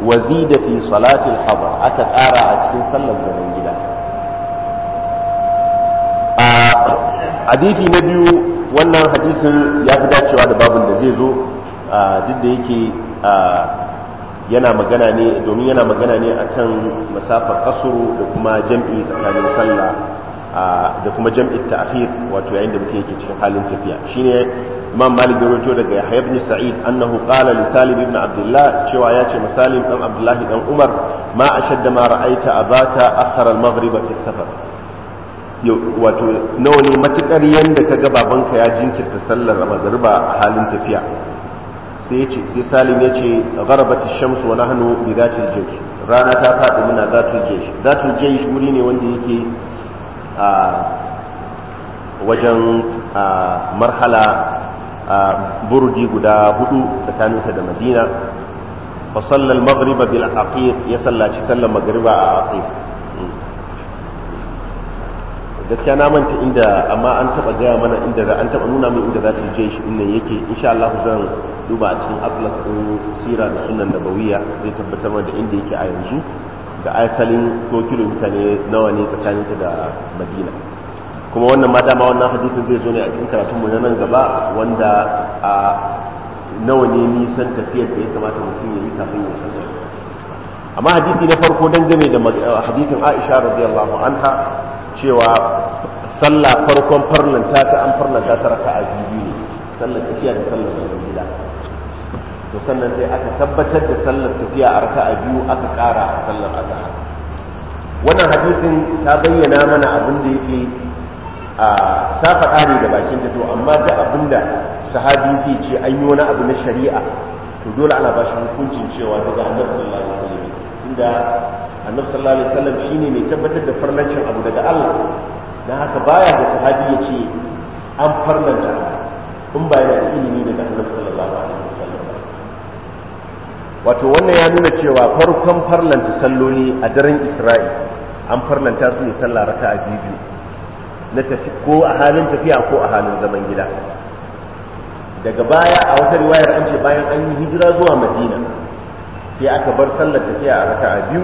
wa zida fi salatil hadar aka ƙara a cikin sallar zaman gida a hadisi na biyu wannan hadisin ya fi dacewa da babin da zai zo duk da yake yana magana ne domin yana magana ne akan masafar kasuru da kuma jam'i tsakanin sallah da kuma jam'i ta'khir wato yayin da mutum yake cikin halin tafiya shine imam malik ya rawaito daga yahya ibn sa'id annahu qala li salim ibn abdullah cewa ya ce masalim dan abdullah dan umar ma ashadda ma ra'aita abata akhara al-maghrib fi safar wato nawa ne matukar yanda ka ga babanka ya jinkirta sallar magriba a halin tafiya sai ya ce sai salim ya ce gharabat ash-shams wa nahnu bi dhati al-jaysh rana ta faɗi muna dhatul jaysh dhatul jaysh wuri ne wanda yake a wajen marhala burudi guda hudu tsakaninsa da madina fa sallal maghriba bil aqiq ya sallaci sallar maghriba a aqiq hmm. gaskiya na manta inda amma an taba gaya mana inda an taba nuna min inda za ta je shi inda yake insha Allah zan duba a cikin atlas ɗin sira da sunan nabawiyya zai tabbatar da inda yake a yanzu da asalin ko kilomita ne nawa ne tsakaninta da madina kuma wannan ma dama wannan hadisin zai zo ne a cikin karatun mu na nan gaba wanda a nawa ne nisan tafiyar da ya kamata mutum ya yi kafin ya san amma hadisi na farko dangane da hadisin Aisha radiyallahu anha cewa sallah farkon farlanta ta an farlanta ta raka'a biyu ne sallar tafiya da sallar gida to sannan sai aka tabbatar da sallar tafiya a raka'a biyu aka kara a sallar asa. wannan hadisin ta bayyana mana abin da yake a ta faɗa ne da bakin ta to amma da abin da sahabi zai ce an yi wani abu na shari'a to dole ana ba hukuncin cewa daga annabi sallallahu alaihi wasallam inda annabi sallallahu alaihi wasallam shine mai tabbatar da farlancin abu daga Allah dan haka baya da sahabi yace an farlanta in ba yana da ilimi daga annabi sallallahu alaihi wasallam wato wannan ya nuna cewa farkon farlanta salloli a daren isra'i an farlanta su ne sallah raka a biyu na tafi ko a halin tafiya ko a halin zaman gida daga baya a wata riwayar an ce bayan an yi hijira zuwa madina sai aka bar sallar tafiya a raka a biyu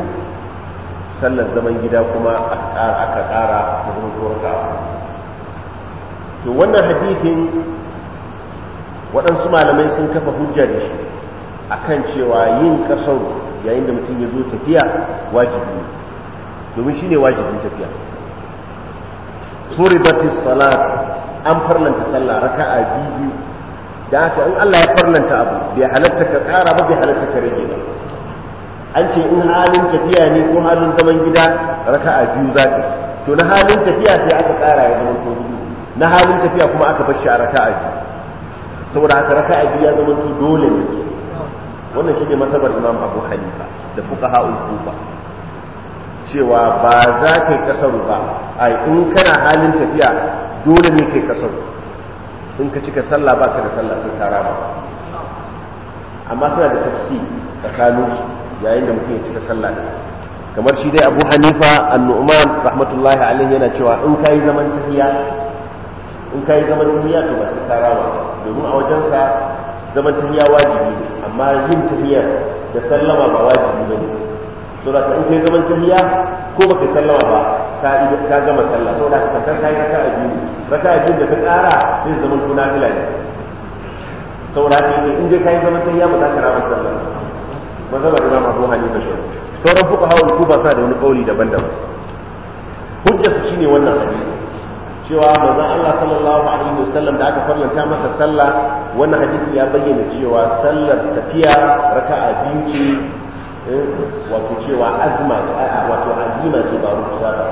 sallar zaman gida kuma aka ƙara da zama raka to wannan hadithin waɗansu malamai sun kafa hujja da shi akan cewa yin kasar yayin da mutum ya zo tafiya wajibi ne domin shi ne wajibin tafiya furibatis salat an farlanta sallah a biyu da haka in Allah ya farlanta abu bai halatta ka kara ba bai halatta ka rage ba an ce in halin tafiya ne ko halin zaman gida raka a biyu za ka to na halin tafiya sai aka kara ya zama ko biyu na halin tafiya kuma aka bar shi a biyu saboda haka raka a biyu ya zama to dole ne wannan shi ne masabar imam abu hanifa da fuka fuqaha'ul kufa cewa ba za ka yi kasaru ba ai in kana halin tafiya dole ne kai kasaru in ka cika sallah ba ka da sallah sai ka rama amma suna da tafsi tsakanin su yayin da mutum ya cika sallah ne kamar shi dai abu hanifa annu'man rahmatullahi alaihi yana cewa in kai zaman tafiya in kai zaman tafiya to ba sai ka rama domin a wajensa zaman tafiya wajibi ne amma yin tafiya da sallama ba wajibi ne so da kai zaman tafiya ko baka sallama ba ka gama sallah da ka san kai ka a biyu raka a biyu da ka tsara sai zaman tuna fila ne so da kai in je kai zaman tafiya ba za ka raba sallah ba zama da ba ko hali ka shi sauran fuka hawo ku ba sa da wani kauli daban-daban hujjar shine wannan hadisi cewa manzon Allah sallallahu alaihi wasallam da aka farlanta masa sallah wannan hadisi ya bayyana cewa sallar tafiya raka'a biyu ce eh, wato cewa azma wato azima ce ba rukusa ba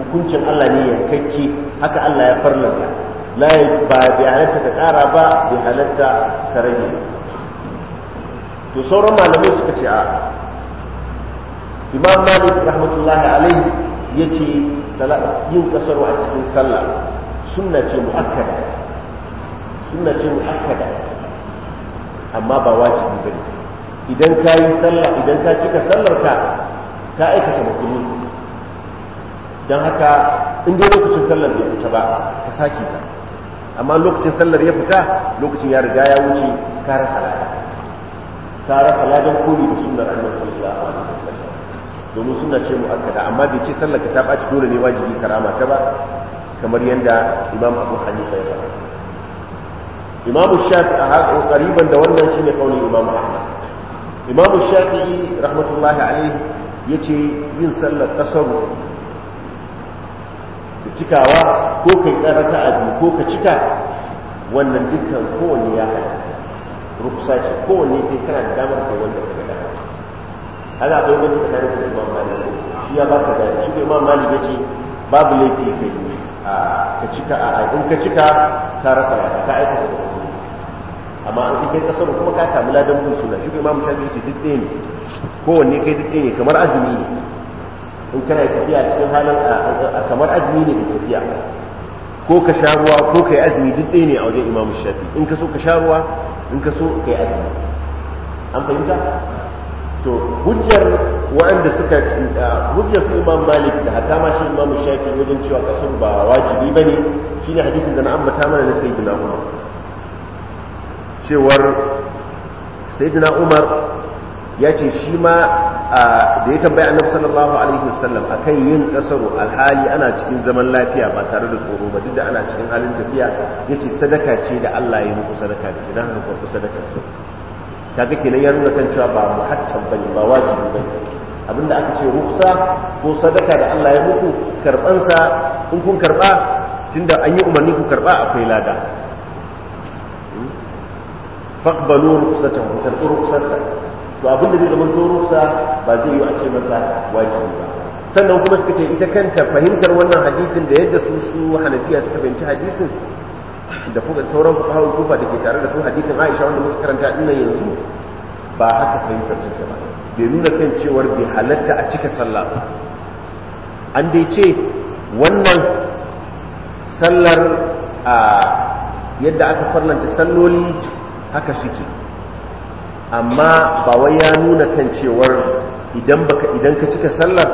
hukuncin Allah ne yankakke haka Allah ya farlanta la ba bi halatta ka kara ba bi halatta ka rage to sauran malamai suka ce a imam malik rahmatullahi alaihi yace salat yin kasaro a cikin sallah sunna ce muakkada sunna ce muakkada amma ba wajibi ba ne idan ka yi sallah idan ka cika sallar ka ka aikata makruh dan haka in dai lokacin sallar bai fita ba ka sake ta amma lokacin sallar ya fita lokacin ya riga ya wuce ka rasa ladan ka rasa ladan koyi da sunnar annabi sallallahu alaihi wasallam domin suna ce mu mu'akkada amma bai ce sallar ka ta ɓaci dole ne wajibi karama ta ba kamar yadda imam abu hanifa ya faɗa imamu shafi a kariban da wannan shi ne kaunin imam ahmad imamu shafi rahmatullahi alaihi ya ce yin sallar kasar da cikawa ko kai karata a biyu ko ka cika wannan dukkan kowane ya haɗa rukusa ce ya kai kana da damar kai wanda ka gada kaga akwai wani tsakanin da imam malik shi ya baka da shi da imam malik yace babu laifi kai a ka cika a in ka cika ka rafa ka aika da amma an kai kasar kuma ka kamu ladan bin suna shi da imam shafi yace duk ɗaya ne kowanne kai duk ɗaya ne kamar azumi ne in kana tafiya cikin halin kamar azumi ne da tafiya ko ka sha ruwa ko ka yi azumi duk ɗaya ne a wajen imam shafi in ka so ka sha ruwa in ka so ka yi azumi an fahimta to hujjar waɗanda suka hujjar su imam malik da hatta ma shi imam shafi wajen cewa kasar ba wajibi ba ne shi ne hadisin da na ambata mana na sayyidina umar cewar sayyidina umar ya ce shi ma da ya tambaya annabi sallallahu alaihi wasallam akan yin kasaro alhali ana cikin zaman lafiya ba tare da tsoro ba duk da ana cikin halin tafiya yace sadaka ce da Allah ya muku sadaka da idan ka sadaka sai kaga kenan ya nuna kan cewa ba muhattab bane ba wajibi bane abinda aka ce ruksa ko sadaka da Allah ya muku sa in kun karba tunda an yi umarni ku karba akwai lada hmm? faqbalu ruksatahu karbu ruksarsa to abinda zai zama to ruksa ba zai yi a ce masa wajibi ba sannan kuma suka ce ita kanta fahimtar wannan hadisin da yadda su su hanafiya suka fahimci hadisin da fuka sauran fuqaha'ul kufa da ke tare da su hadithin Aisha wanda muka karanta din nan yanzu ba haka fahimtar take ba bai nuna kan cewar bai halatta a cika sallah an dai ce wannan sallar a yadda aka farlanta salloli haka suke amma ba wai ya nuna kan cewar idan baka idan ka cika sallar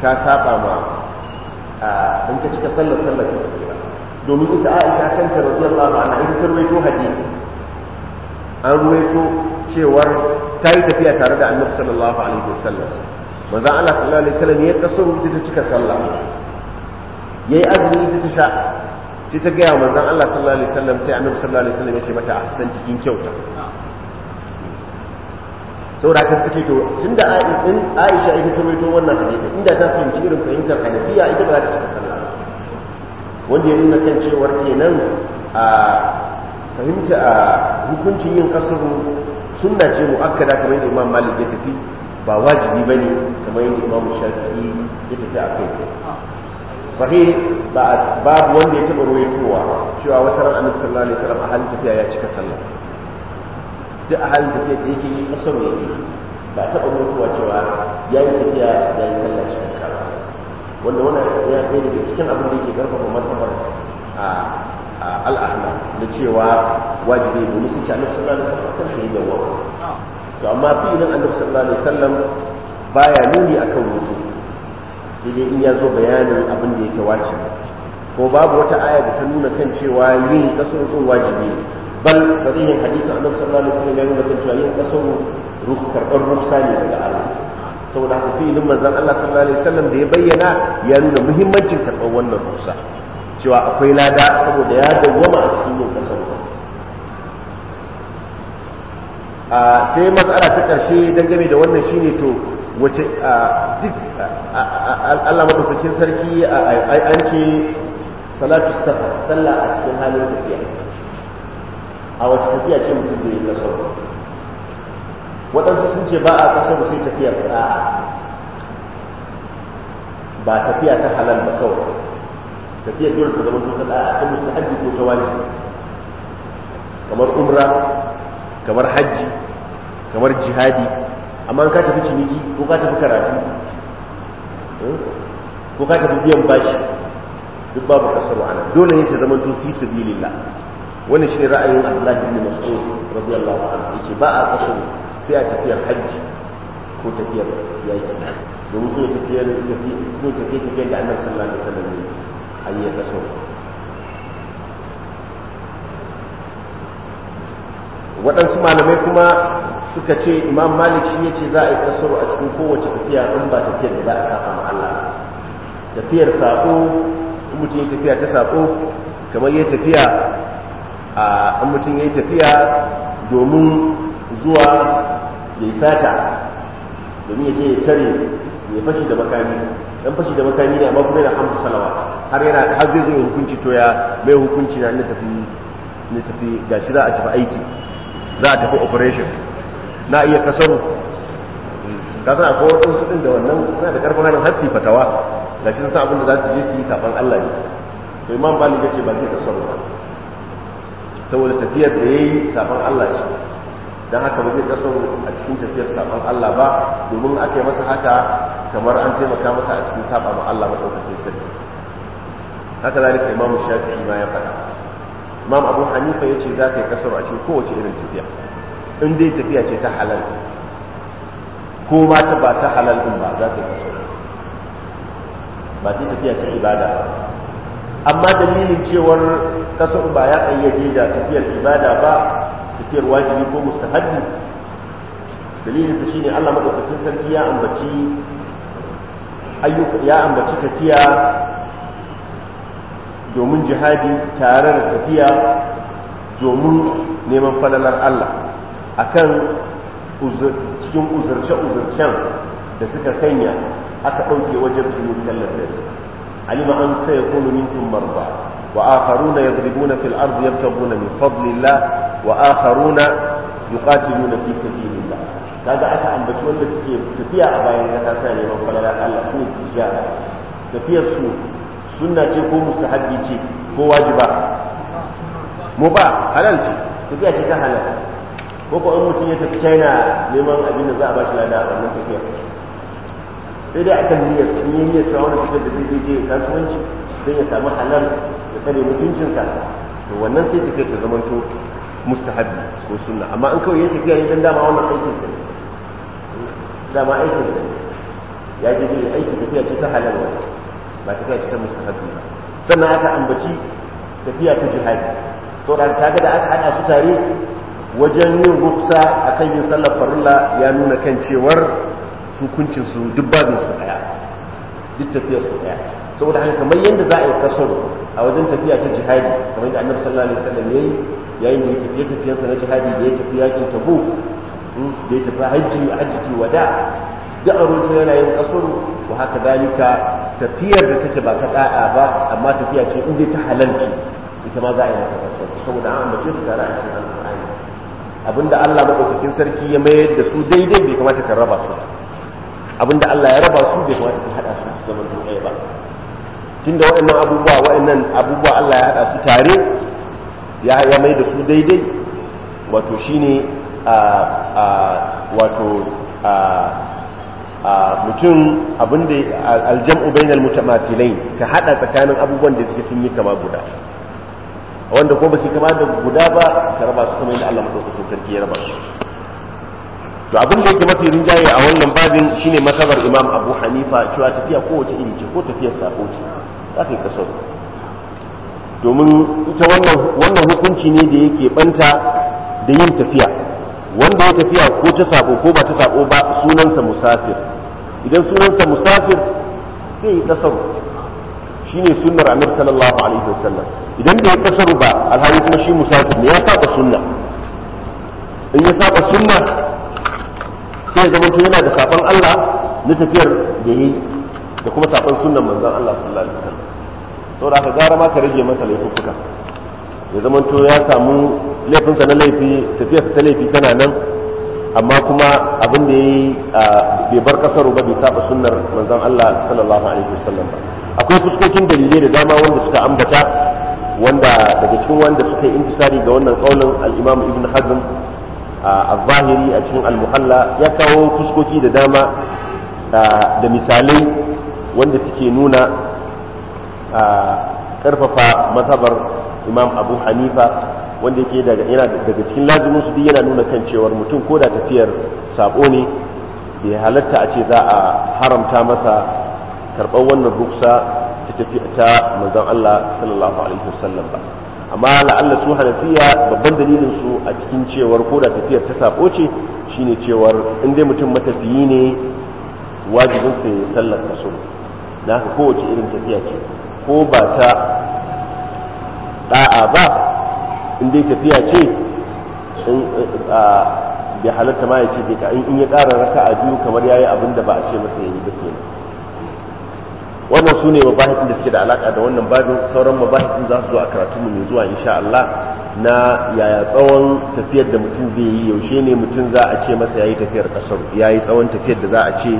ka saba ma in ka cika sallar sallar domin ita aisha kanta ba na ita ta ruwaito hadisi an ruwaito cewar ta yi tafiya tare da annabi sallallahu alaihi wasallam manzon Allah sallallahu alaihi wasallam ya kaso ita ta cika sallah yayi azumi ita ta sha sai ta gaya manzon Allah sallallahu alaihi wasallam sai annabi sallallahu alaihi wasallam ya ce mata san cikin kyauta saboda ka suka ce to tunda Aisha ita ta ruwaito wannan hadisi inda ta fahimci irin fahimtar Hanafiya ita ba za ta cika sallah wanda ya nuna kan cewar kenan a fahimta a hukuncin yin kasuru sunna ce da kamar yadda imam malik ya tafi ba wajibi ba ne kamar yadda imam shafi'i ya tafi a kai sahih ba babu wanda ya taba ruwaitowa cewa wata ran annabi sallallahu alaihi wasallam a halin tafiya ya cika sallah duk a halin tafiya da yake yi kasar ne ba taba ruwaitowa cewa ya yi tafiya ya yi sallah shi wanda wani ya ɗaya daga cikin abin da yake karfafa martabar a al'ahla da cewa wajibi ne musu ci annabi sallallahu alaihi wasallam kan shi da wawa to amma fi'ilin annabi sallallahu alaihi wasallam baya nuni akan wuce sai dai in ya zo bayanin abin da yake wajibi ko babu wata aya da ta nuna kan cewa yin kasar din wajibi ne bal yin hadisi annabi sallallahu alaihi wasallam ya nuna kan cewa yin kasar ruku karɓar ruksa ne daga Allah saboda haka ilimin manzon Allah sallallahu alaihi wasallam da ya bayyana ya nuna muhimmancin karɓar wannan rusa cewa akwai lada saboda ya dawwama a cikin yin kasar sai matsala ta ƙarshe dangane da wannan shine to wace duk Allah madaukakin sarki an ce salatu safar sallah a cikin halin tafiya a wace tafiya ce mutum zai yi kasar waɗansu sun ce ba a kasar da sai tafiyar a'a ba tafiya ta halal ba kawai tafiya dole ta zama ta da'a ta mustahabbi ko ta wajibi kamar umra kamar hajji kamar jihadi amma ka tafi ciniki ko ka tafi karatu hmm, ko ka tafi biyan bashi duk babu kasar wa'ana dole ne ta zama to fi sabilillah wani shine ra'ayin Abdullah ibn Mas'ud radiyallahu anhu yace ba a kasar sai a tafiyar hajji ko tafiyar yaki domin suna tafiyar tafiyar da annabi sallallahu alaihi wasallam ne a yi kaso waɗansu malamai kuma suka ce imam malik shi ya ce za a yi kasoro a cikin kowace tafiya in ba tafiyar da za a saba ma Allah tafiyar sako in mutum ya tafiya ta sako kamar ya tafiya a in mutum ya tafiya domin zuwa ya yi sata domin ya je ya tare ya fashi da makami dan fashi da makami ne amma kuma yana hamsu salawa har yana har zai zo hukunci to ya mai hukunci na na tafi ne tafi gashi za a tafi aiki za a tafi operation na iya kasaru ka san akwai wasu din da wannan suna da karfin hannun har su fatawa gashi sun san abin da za su je su yi saban Allah ne to imam bali ya ce ba zai kasaru ba saboda tafiyar da yi saban Allah ce don haka ba zai kaso a cikin tafiyar saban Allah ba domin aka yi masa haka kamar an taimaka masa a cikin saba ma Allah madaukakin sirri haka zalika imamu shafi ma ya faɗa imam abu hanifa ya ce za ka yi kasar a cikin kowace irin tafiya in dai tafiya ce ta halal ko ma ta ba ta halal din ba za ka yi kasar ba sai tafiya ce ibada ba amma dalilin cewar kasar ba ya ƙayyade da tafiyar ibada ba tafiyar wajibi ko mustahabbi dalilin sa shine Allah madaukakin sarki ya ambaci ayyuka ya ambaci tafiya domin jihadi tare da tafiya domin neman falalar Allah akan cikin uzurce-uzurcen da suka sanya aka ɗauke wajen cikin sallar dare alima an sai kunu minkum marba وآخرون يضربون في الأرض يبتغون من فضل الله وآخرون يقاتلون في سبيل الله kaga aka ambaci wanda suke tafiya a bayan kasa sai neman falalar Allah su ne tijara tafiyar su sunna ce ko mustahabbi ce ko wajiba mu ba halal ce tafiya ce ta halal ko ko in mutum ya tafi China neman abin da za a bashi lada a wannan tafiyar sai dai akan niyyar in yi niyyar cewa wani tafiyar da zai je kasuwanci don ya samu halal da tsare mutuncinsa to wannan sai tafiya ta zama to mustahabi ko sunna amma in kawai ya tafiya ne dan dama wannan aikin sa dama aikin sa ya je zai aiki tafiya ce ta halal ba tafiya ce ta mustahabi ba sannan aka ambaci tafiya ta jihadi saboda ga da aka hada su tare wajen yin ruksa akan yin sallar farilla ya nuna kan cewar su su duk babinsu daya duk tafiyarsu ɗaya daya saboda haka kamar yadda za a yi kasar a wajen tafiya ta jihadi kamar yadda annabi sallallahu alaihi wasallam yayi yayin da ya tafi tafiyarsa na jihadi da ya tafi yakin tabuk hmm, da ya tafi hajji hajji wada da a rufe yana yin kasar wa haka dalika tafiyar da take ba ta da'a ba amma tafiya ce in dai ta halalci ita ma za a yi mata kasar saboda an ambace su tare a cikin alƙur'ani abinda Allah madaukakin sarki ya mayar da su daidai bai kamata ka raba su abinda Allah ya raba su bai kamata ka haɗa su zaman ɗaya ba tunda wa'annan abubuwa wa'annan abubuwa Allah ya hada su tare ya ya mai da su daidai wato shine a a wato a mutum abinda aljam'u bainal matilai ka hada tsakanin abubuwan da suke sun yi kama guda wanda ko ba su kama da guda ba ka raba su kamar da Allah madaukakin sarki ya raba su to abin da yake mafi rinjaye a wannan babin shine masabar imam abu hanifa cewa tafiya kowace iri ce ko tafiyar sako za ka yi kasaru domin ita wannan hukunci ne da yake banta da yin tafiya wanda ya tafiya ko ta sabo ko ba ta sabo ba sunansa musafir idan sunansa musafir zai yi kasaru shine sunnar annabi sallallahu alaihi wasallam idan bai kasaru ba alhali kuma shi musafir ne ya saba sunna in ya saba sunna sai ya zamanto yana da saban Allah na tafiyar da yi da kuma saban sunnan manzon Allah sallallahu alaihi wasallam saboda aka gara ma ka rage masa laifuffuka ya zamanto ya samu laifinsa na laifi tafiyarsa ta laifi tana nan amma kuma abin da ya bai bar kasar ba bai saba sunnar manzon Allah sallallahu alaihi wasallam akwai fuskokin dalilai da dama wanda suka ambata wanda daga cikin wanda suka yi intisari ga wannan kaulin al-Imam Ibn Hazm al-Zahiri a cikin al-Muhalla ya kawo fuskoki da dama da misalai wanda suke nuna a karfafa mazhabar imam abu hanifa wanda yake daga yana daga cikin lazimin su yana nuna kan cewar mutum ko da tafiyar sabo ne bai halatta a ce za a haramta masa karɓar wannan ruksa ta tafi ta manzan Allah sallallahu alaihi wasallam ba amma la'alla su hanafiya babban dalilin su a cikin cewar ko da tafiyar ta sabo ce shine cewar in dai mutum matafiyi ne wajibin sa ya sallar kaso da haka kowace irin tafiya ce ko ba ta ɗa'a ba in dai tafiya ce bai halatta ma ya ce ka in ya ƙara raka a biyu kamar ya yi abin da ba a ce masa yayi yi ba kenan wannan su ne mabahitin da suke da alaƙa da wannan babin sauran mabahitin za su zo a karatunmu mai zuwa insha Allah na yaya tsawon tafiyar da mutum zai yi yaushe ne mutum za a ce masa ya yi tafiyar ƙasar ya yi tsawon tafiyar da za a ce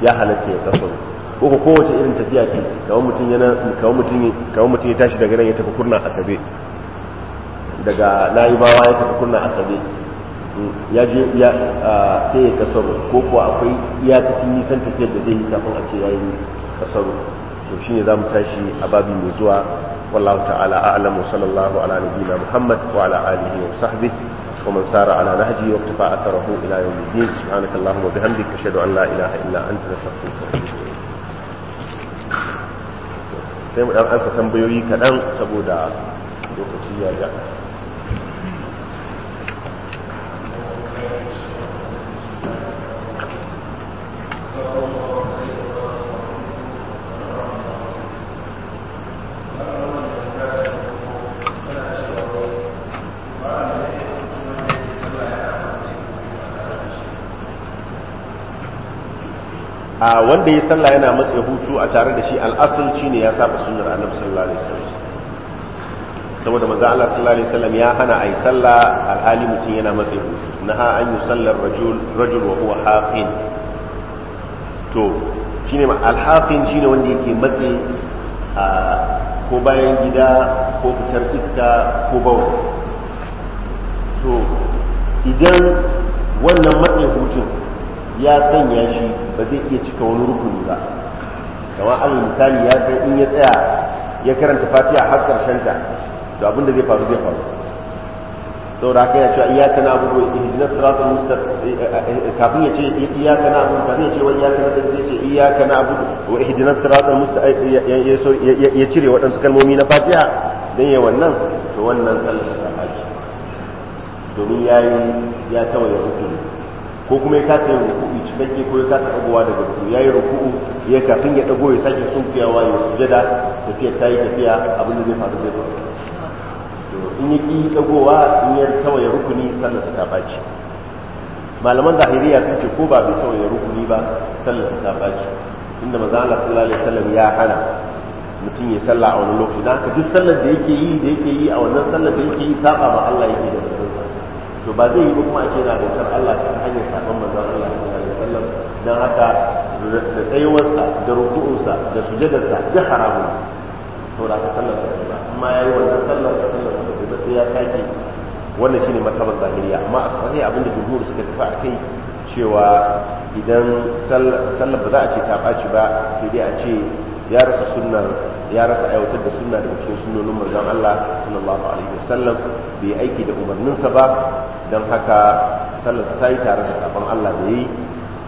ya halatta ya ƙasar ko kowace irin tafiya ce kawo mutum mutum ya tashi daga nan ya tafi kurna asabe daga layubawa ya tafi kurna asabe ya je ya sai ya kasaro ko kuwa akwai iyakacin nisan tafiyar da zai yi kafin a ce ya yi kasaro to shine za mu tashi a babi mai zuwa wallahu ta'ala a'lamu sallallahu ala muhammad wa ala alihi wa sahbihi ومن سار على نهجه واقتفى أثره إلى يوم الدين سبحانك اللهم وبحمدك لا نستغفرك ونتوب sai mu dan ansa tambayoyi kaɗan saboda lokaci ya ja Thank you. a wanda ya salla yana matsa hutu a tare da shi al'asul shine ya saba sunnar annabi sallallahu alaihi saboda maza Allah sallallahu alaihi wasallam ya hana yi sallah alhali mutum yana matsayi hutu na ha an yi sallar rajul wa huwa to shine shi shine wanda yake a ko bayan gida ko fitar iska ko bawa to idan wannan matsa hutun ya sanya shi ba zai iya cika wani rukuni ba kamar alal misali ya san in ya tsaya ya karanta fatiha har karshen ta to abinda zai faru zai faru saboda haka ya cewa iyyaka na'budu wa ihdinas siratal mustaqim eh, kafin ya ce iyyaka na'budu kafin ya ce wa na abu zai ce iyyaka na'budu wa ihdinas siratal mustaqim eh, ya cire waɗansu kalmomi na fatiha dan ya wannan to wannan sallar ta haji domin ya yi ya tawaye hukumi ko kuma ya kasa yin ruku'u cikakke ko ya kasa dagowa daga ruku'u yi ruku'u ya kafin ya dago ya sake wa ya sujada tafiya ta yi tafiya abin da zai faru zai faru to in ya ki dagowa in ya tawaye rukuni sallar ta baci malaman zahiriya sun ce ko ba bai tawaye rukuni ba sallar ta baci inda manzo Allah sallallahu alaihi wasallam ya hana mutum ya sallah a wani lokaci dan haka duk sallar da yake yi da yake yi a wannan sallar da yake yi saba ma Allah yake da manzon to ba zai yi ba kuma ake na bautar Allah ta hanyar sabon manzon Allah sallallahu alaihi wasallam dan haka da tsayuwarsa da ruku'unsa da sujadarsa da haramun to da sallar ta ba amma yayi wannan sallar ta sallar ta sai ya sake wannan shine matabar zahiriya amma a sahihi abinda jumhur suka tafi akai cewa idan sallar ba za a ce ta ɓaci ba sai dai a ce ya rasa sunnar ya rasa aiwatar da sunna da cikin sunnonin manzon Allah sallallahu alaihi wasallam bai aiki da umarninsa ba don haka sallar ta yi tare da sabon Allah da yi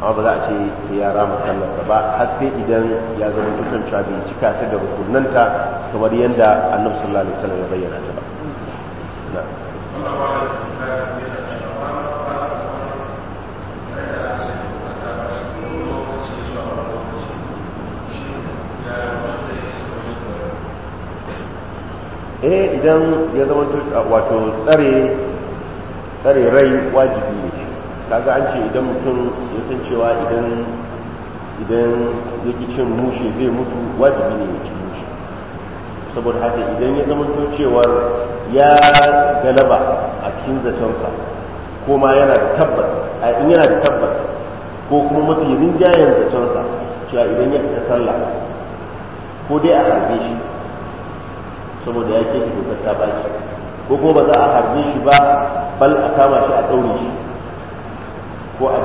amma ba za a ce ya rama sallar ba har sai idan ya zama dukkan cewa bai cika ta da rukunanta kamar yadda annabi sallallahu alaihi ya bayyana ta ba eh idan ya zama wato tsare tsare rai wajibi ne shi kaga an ce idan mutum ya san cewa idan idan ya ki cin mushe zai mutu wajibi ne ya ci mushe saboda haka idan ya zama cewar ya galaba a cikin zatonsa ko ma yana da tabbas a in yana da tabbas ko kuma mafi rinjayen zatonsa cewa idan ya fita sallah ko dai a harbe shi saboda ya ce dokar ta baki ko ko ba za a harbe shi ba bal a kama shi a ɗaure shi ko a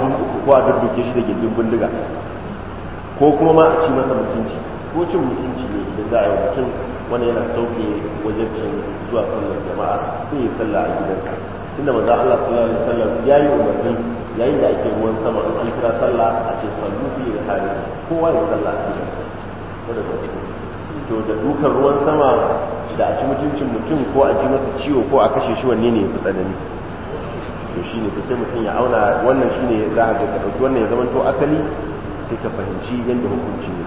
ko a dudduke shi da gindin bindiga ko kuma ma a ci masa mutunci ko cin mutunci ne idan za a yi mutum wani yana sauke wajen cin zuwa sallar jama'a sai ya salla a gidansa tunda maza Allah sallallahu alaihi wasallam ya yi umarni yayin da ake ruwan sama an kira sallah a ce sallu fi da hari kowa ya salla a gidansa to da dukan ruwan sama da a ci mutuncin mutum ko a ji masa ciwo ko a kashe shi wanne ne ya fi tsanani to shine to sai mutum ya auna wannan shine za a ga ɗauki wannan ya zama to asali sai ka fahimci yadda hukunci ne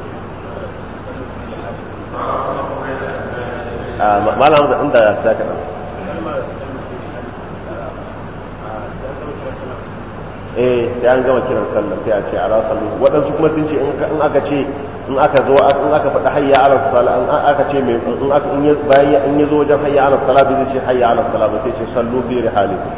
ah, malam da inda za ka ɗan eh sai an gama kiran sallah sai a ce a rasa waɗansu kuma sun ce in aka ce in aka zo in aka faɗi hayya ala sala in aka ce mai in aka in bayan in yazo wajen hayya ala sala bai ce hayya ala sala ba sai ce sallu bi rihalikum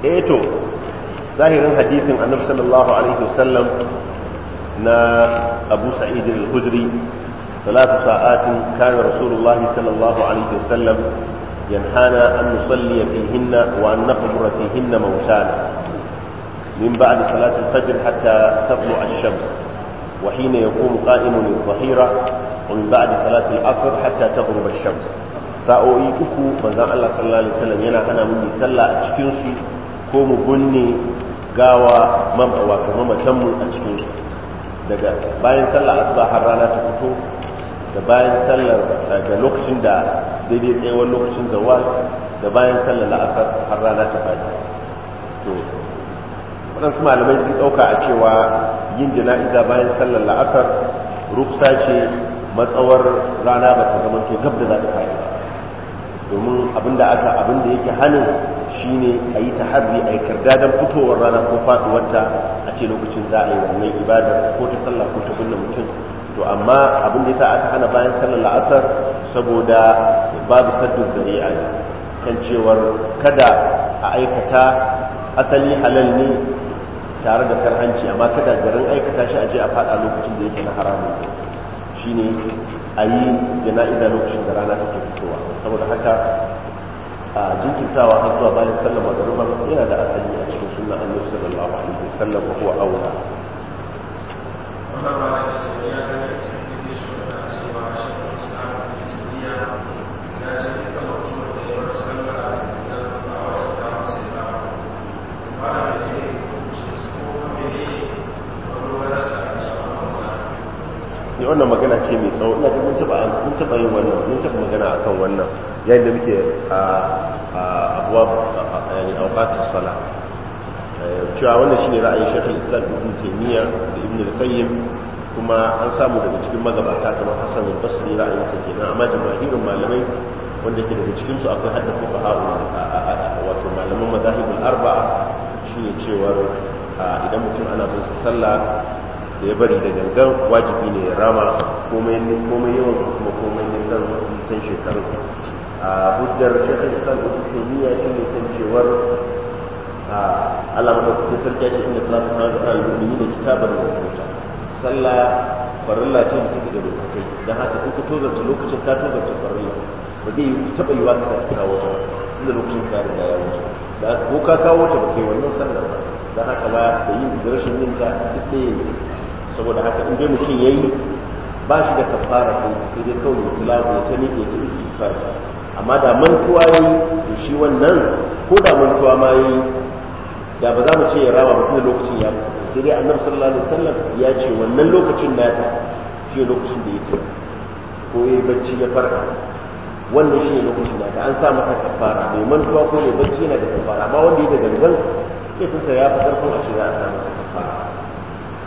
eh zahirin حديث النبي صلى الله عليه وسلم نا أبو سعيد khudri ثلاث ساعات كان رسول الله صلى الله عليه وسلم ينهانا أن نصلي فيهن وأن نقبر فيهن موتانا من بعد صلاة الفجر حتى تطلع الشمس وحين يقوم قائم للظهيرة ومن بعد صلاة العصر حتى تغرب الشمس sa'o'i uku manzon Allah sallallahu alaihi wasallam yana hana mu sallah a cikin su ko mu bunne gawa wato mamatanmu a cikinsu daga bayan sallar asuba har rana ta fito da bayan sallar eh, da lokacin da daidai tsayawar lokacin wa, da bayan sallar la'asar har rana ta fadi to waɗansu malamai sun ɗauka a cewa yin jana'iza bayan sallar la'asar rufsa ce matsawar rana ba ta zama ke gab da za ta fadi domin abinda aka abinda yake hannun Shi ne a yi taharri a yi kardadan fitowar rana ko faduwarta a ce lokacin za a yi wannan ibada ko ta sallah ko ta binne mutum to amma abin da ya sa aka hana bayan sallar la'asar saboda babu saddu a yi. kan cewar kada a aikata asali halal ne tare da karhanci amma kada garin aikata shi a je a fada lokacin da yake na haramun shi ne a yi jana'iza lokacin da rana take fitowa saboda haka a jinkirtawa har zuwa bayan sallar magariba yana da asali a cikin sunna annabi sallallahu alaihi wasallam wa huwa aula Thank you. ne wannan magana ce mai tsawo ina ga mun taba yin wannan mun taba magana akan wannan yayin da muke a abwab yani awqatus sala eh, cewa wannan shine ra'ayin Sheikh Islam Ibn miya da Ibn Al-Qayyim kuma an samu daga cikin magabata kamar Hassan al-Basri ra'ayin sa kenan amma jama'irin malamai wanda ke daga cikin su akwai hadda fuqaha wato malaman mazahibul arba'a shine cewa idan mutum ana bin sallah da ya bari da gangan wajibi ne ya rama komai ne komai yawan su kuma komai ne san san shekaru a hujjar shekar islam da suke niyya shi ne kan cewar Allah da kuke sarki ake inda da ta kawo da al'ummi da kitabar da kuta sallah farilla ce da take da lokacin dan haka kuka ka tozar lokacin ka tozar su farilla ba zai yi taba yi wa ka kawo ta inda lokacin ka riga ya wuce da ko ka kawo ta ba kai wannan sannan ba da haka ba da yin da rashin yin ta duk ɗaya ne saboda haka in dai mutum ya yi ba shi da kafara ko sai dai kawai ya kula ta miƙe ta istighfar amma da mantuwa yi to shi wannan ko da mantuwa ma yi da ba za mu ce ya rama ba da lokacin ya sai dai annabi sallallahu alaihi wasallam ya ce wannan lokacin da ta shi lokacin da yake ko yayi bacci ya farka wannan shi ne lokacin da ta an sa masa kafara mai mantuwa ko mai bacci yana da kafara amma wanda ya da gangan sai kusa ya fi karfin a za a sa masa kafara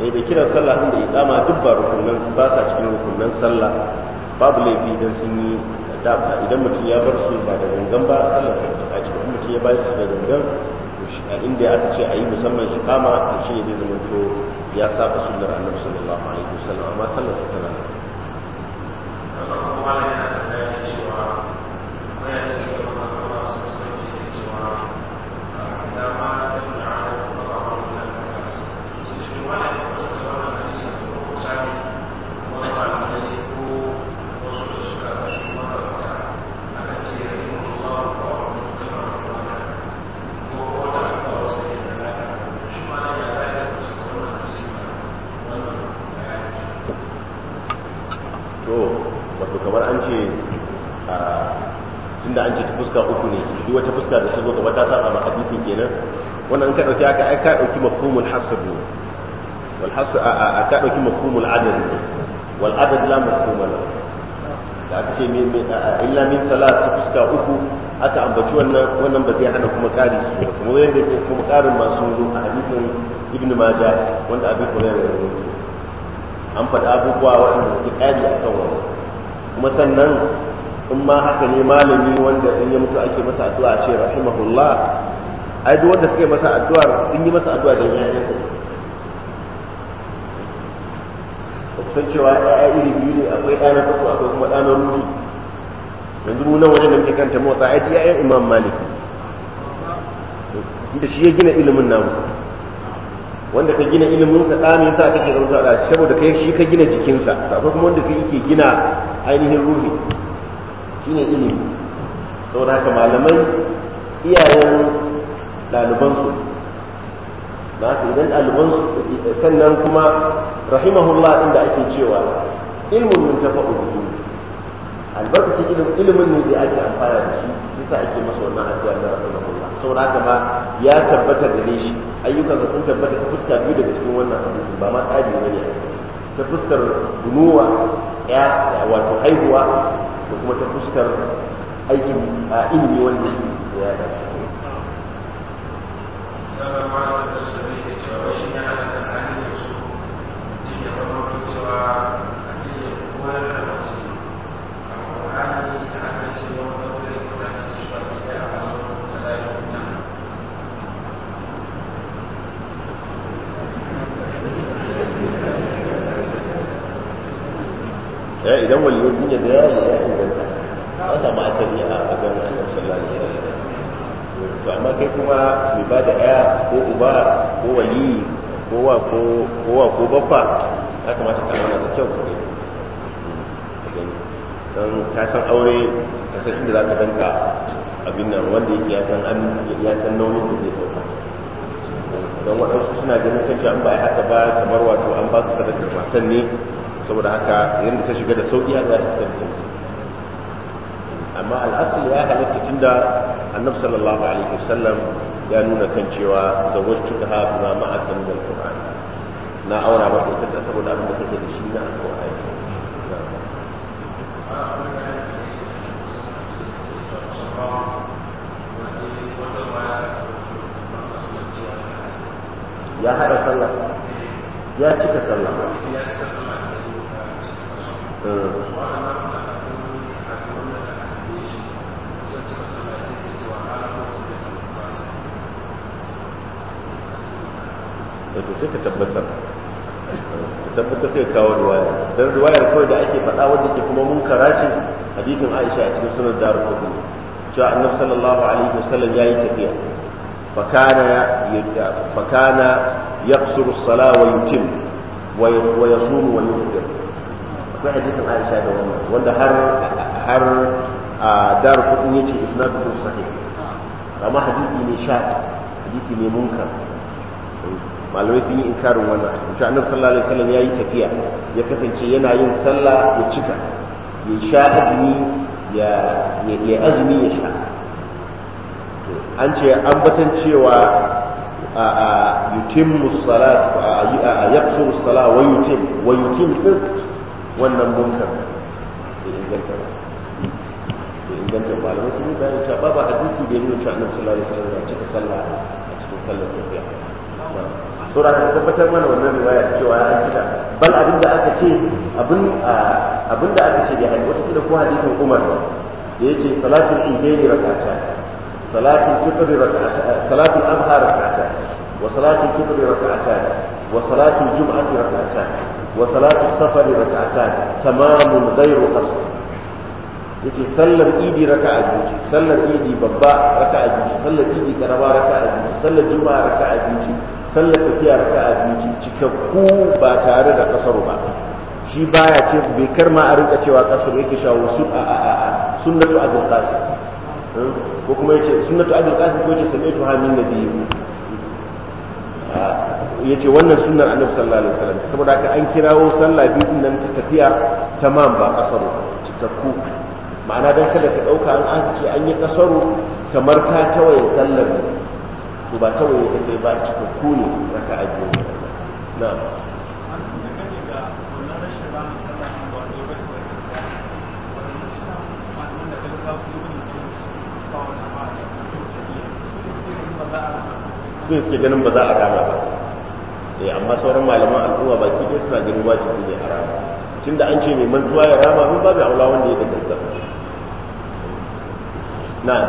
ne eh, da kiran sallah din da iqama duk ba rukunan ba sa cikin rukunan sallah babu laifi idan sun yi da idan mutum ya bar su ba da gangan ba sun sa a cikin mutum ya bar su da gangan a inda aka ce a yi musamman iqama a shi ne zai zama ya saba sunnar annabi sallallahu alaihi wasallam amma sallar sa tana cewa. duk wata fuska da ta zo gaba ta saba ma hadisi kenan wannan in ka dauki aka ai ka dauki mafhumul hasr ne wal hasr a a ka dauki mafhumul adad ne wal adad la mafhuma la da aka ce me me illa min salat fuska uku aka ambaci wannan wannan ba zai hana kuma kari kuma wai da kuma karin masu zo a hadisin ibnu majah wanda abi kula ne an faɗa abubuwa waɗanda suke kari a kan wannan kuma sannan in ma haka ne malami wanda in ya mutu ake masa addu'a ce rahimahullah ai duk wanda suka yi masa addu'a sun yi masa addu'a don yayin sa ba kusan cewa ɗaya iri biyu ne akwai ɗana kaso akwai kuma ɗana ruhi yanzu mu nan wajen da muke kanta motsa ai duk yayin imam malik da shi ya gina ilimin namu wanda ka gina ilimin sa ɗa ne sa kake zama saboda kai shi ka gina jikinsa akwai kuma wanda kai ke gina ainihin ruhi shine ilimi saboda haka malamai iyayen dalibansu ba haka idan dalibansu sannan kuma rahimahullah inda ake cewa ilimin mun tafa ubudu albarkacin ilimin ne da ake amfana da shi shi sa ake masa wannan addu'a da rahimahullah saboda haka ma ya tabbata ne shi ayyukansa sun tabbata ta fuska biyu daga cikin wannan hadisi ba ma tsari ne ta fuskar bunuwa ya wato haihuwa da kuma ta fuskar aikin a ilimi wanda shi da ya da ta shi ya idan waliyar duniya da yayi ya inganta a ma asali a akan annabi sallallahu alaihi wasallam to amma kai kuma mai ba da ɗaya ko uba ko wali ko wa ko ko wa ko baffa ya kamata ka amana da kyau kai dan ka san aure ka san inda za ka danka abin nan wanda yake ya san an ya san nauyin da zai dauka don waɗansu suna ganin kanta an ba ya haka ba kamar wato an ba su sadakar matan ne saboda haka yadda ta shiga da sauƙi haka ya shiga da sauƙi amma al'asul ya tun da annabi sallallahu alaihi wasallam ya nuna kan cewa zawajtu ha bima ma'aka min al-qur'an na aura maka ita saboda abin da kake da shi na al-qur'an ya haɗa sallah ya cika sallah wato sai ka tabbatar ka tabbatar sai kawo ruwaya dan ruwayar kawai da ake faɗa wanda ke kuma mun karace hadisin Aisha a cikin sunan Darul Qutni cewa Annabi sallallahu alaihi wasallam yayi tafiya fakana fakana yaqsuru as-salah wa yutim wa yasum wa yufṭir akwai hadisin Aisha da wannan wanda har har a dar kudin yace isnaduhu sahih amma hadisi ne sha hadisi ne munkar malamai sun yi inkarin wannan shi annabi sallallahu alaihi wasallam yayi tafiya ya kasance yana yin sallah ya cika ya sha azumi ya ya azumi ya sha an ce an batan cewa a a yutimmu salat a yaqsuru salat wa yutim wa yutim wannan munkar da inganta da inganta ba da wasu ba ya ba ba hadisi da nuna cewa annabi sallallahu alaihi wasallam ya cika sallah a cikin sallar tafiya sura ta tabbatar mana wannan riwaya cewa ya cika bal abinda aka ce abin abinda aka ce da hadisi wata kila ko hadisin Umar da yace salatul idaini rak'ata salatul fitr rak'ata salatul adha rak'ata wa salatul fitr rak'ata wa salatul jum'ati rak'ata وصلاة السفر ركعتان تمام غير قصر yace sallar idi raka a juji sallar idi babba raka a juji sallar idi karama raka a juji sallar juma'a raka a juji sallar tafiya raka a juji cikakku ba tare da kasaru ba shi baya ce bai karma a rinka cewa kasar yake shawo sun a a a sunnatu ko kuma ya ce wannan sunan annabi sallallahu alaihi wasallam saboda haka an kirawo sallah biyu nan ta tafiya tamam ba kasaru cikakku ma'ana dan kada ka dauka an aka ce an yi kasaru kamar ka tawaye sallar to ba tawaye ta kai ba cikakku ne zaka a biyu na Thank you. sun suke ganin ba za a rana ba eh amma sauran malaman al'umma ba baki ɗaya suna ganin wajibi ne a rama tunda an ce mai mantuwa ya rama mun babu aula wanda ya danganta na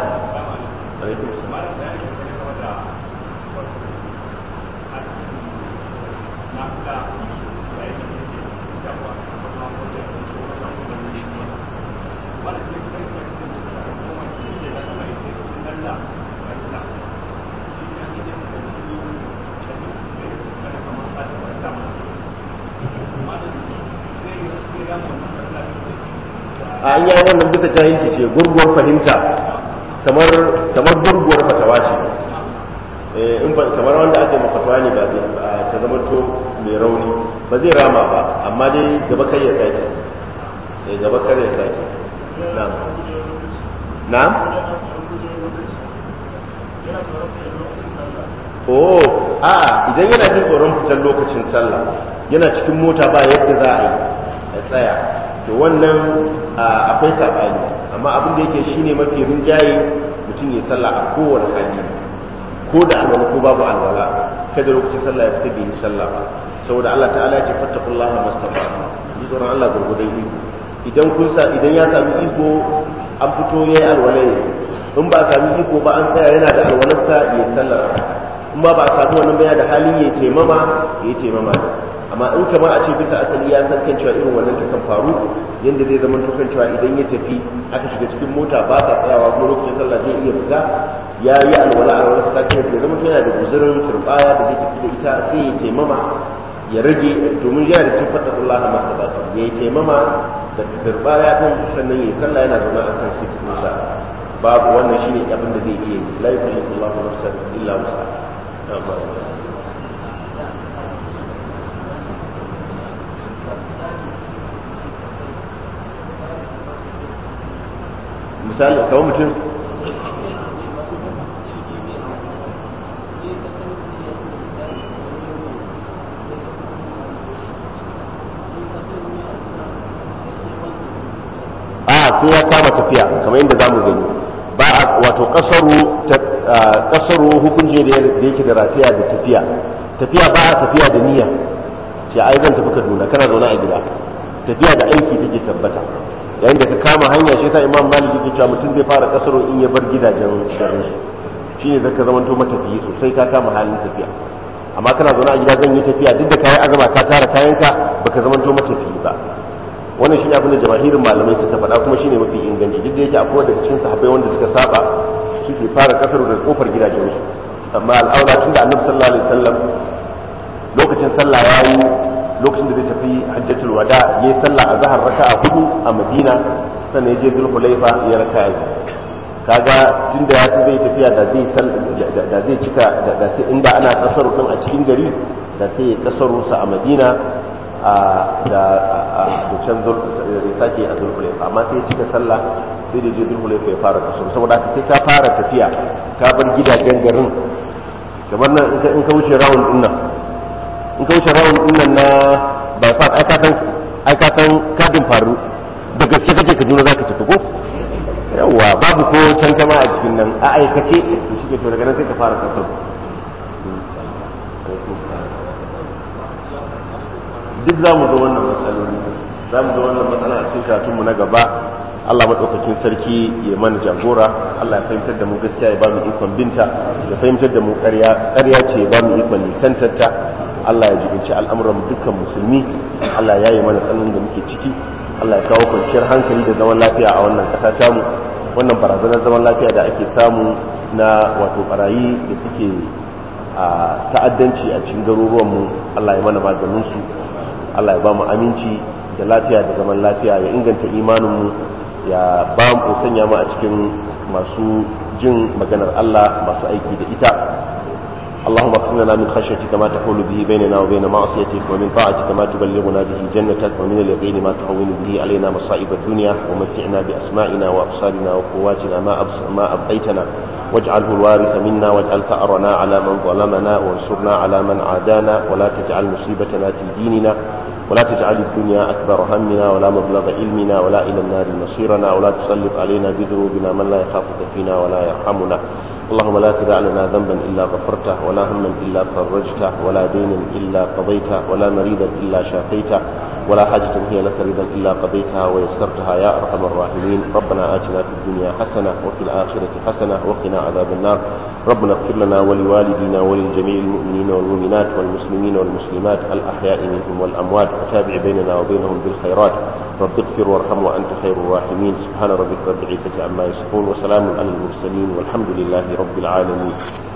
a an yawon wannan bisa jahilci ce gurguwar fahimta kamar kamar gurguwar fatawa ce eh, in ba kamar wanda ake mafatawa ne ba ta zama to mai rauni ba zai rama ba amma dai gaba kai ya sake eh, gaba kai ya sake na'am na'am oh a'a idan yana jin tsoron fitar lokacin sallah yana cikin mota ba yadda za a yi tsaya to wannan akwai sabani amma abin da yake shine mafi rinjaye mutum ya sallah a kowane hali ko da alwala ko babu alwala kada lokacin sallah ya fita bai yi sallah ba saboda Allah ta'ala ya ce fattakullaha mastafa'tu ji tsoron Allah gurgudan iko idan kun sa idan ya sami iko an fito yayi alwala ne in ba sami iko ba an tsaya yana da alwalarsa ya sallah in ba ba sami wannan ba ya da halin ya taimama ya taimama amma in kama a ce bisa asali ya san kan cewa irin wannan takan faru yadda zai zama tukan cewa idan ya tafi aka shiga cikin mota ba sa tsayawa kuma lokacin sallah zai iya fita ya yi alwala a wani sata kira zama yana da guzurin turbaya da zai tafi da ita sai ya taimama ya rage domin yana da cikin fata kullaha masu bata ya yi taimama da turbaya kan sannan ya yi sallah yana zama a kan sifin musa babu wannan shine abin da zai iya yi la yukallifu Allahu nafsan illa musa. misali kawai mutum sai ya kama tafiya kamar yadda mu gani ba wato kasaru hukunci da yake da rafiya da tafiya tafiya ba a tafiya da niyya ce ai zan tafi kaduna kana zaune a gida tafiya da aiki take tabbata yayin da ka kama hanya shi yasa imam maliki ke cewa mutum zai fara kasaro in ya bar gidajen garin su shine zaka zamanto matafiyi sosai ka kama halin tafiya amma kana zaune a gida zan yi tafiya duk da kayi azama ka tara kayanka baka zamanto matafiyi ba wannan shine abin da jama'irin malamai suka faɗa kuma shine mafi inganci duk da yake akwai daga cikin sahabbai wanda suka saba suke fara kasaro daga kofar gidajen su amma al'aula tunda annabi sallallahu alaihi wasallam lokacin sallah yayi lokacin da zai tafi hajjatul wada yayi sallah a zahar raka'a hudu a madina sannan yaje dul hulaifa ya raka'a kaga tunda ya ce zai tafiya da zai da zai cika da sai inda ana kasaru kan a cikin gari da sai ya kasaru sa a madina a da a can sake a hulaifa amma sai ya cika sallah sai da je hulaifa ya fara kasaru saboda sai ka fara tafiya ka bar gidajen garin kamar nan in ka wuce rawun din nan in kai wuce innan na bypass ai aikatan kadin faru da gaske kake ka juna zaka tafi ko yawa babu ko tantama a cikin nan a aikace to shi ke to daga nan sai ka fara kasar duk za mu zo wannan matsaloli za mu zo wannan matsala a cikin karatunmu na gaba Allah maɗaukakin sarki ya mana jagora Allah ya fahimtar da mu gaskiya ya ba mu ikon binta ya fahimtar da mu ƙarya ƙarya ce ya ba mu ikon nisantarta Allah ya jibinci al'amuran dukkan musulmi Allah ya yi mana tsanin da muke ciki Allah ya kawo kwanciyar hankali da zaman lafiya a wannan ƙasa tamu wannan barazanar zaman lafiya da ake samu na wato barayi da suke a ta'addanci a cikin garuruwanmu Allah ya mana maganinsu Allah ya ba mu aminci da lafiya da zaman lafiya ya inganta imaninmu ya ba mu sanya mu a cikin masu jin maganar Allah masu aiki da ita اللهم اقسم لنا من خشيتك ما تحول به بيننا وبين معصيتك ومن طاعتك ما تبلغنا به جنتك ومن اليقين ما تهون به علينا مصائب الدنيا ومتعنا باسمائنا وابصارنا وقواتنا ما ما ابقيتنا واجعله الوارث منا واجعل ثارنا على من ظلمنا وانصرنا على من عادانا ولا تجعل مصيبتنا في ديننا ولا تجعل الدنيا أكبر همنا ولا مبلغ علمنا ولا إلى النار مصيرنا ولا تسلط علينا بذنوبنا من لا يخافك فينا ولا يرحمنا اللهم لا تدع لنا ذنبا إلا غفرته ولا هما إلا فرجته ولا دينا إلا قضيته ولا مريضا إلا شافيته ولا حاجة هي لك رضا إلا قضيتها ويسرتها يا أرحم الراحمين ربنا آتنا في الدنيا حسنة وفي الآخرة حسنة وقنا عذاب النار ربنا اغفر لنا ولوالدينا وللجميع المؤمنين والمؤمنات والمسلمين والمسلمات الأحياء منهم والأموات وتابع بيننا وبينهم بالخيرات رب اغفر وارحم وأنت خير الراحمين سبحان ربك رب العزة عما يصفون وسلام على المرسلين والحمد لله رب العالمين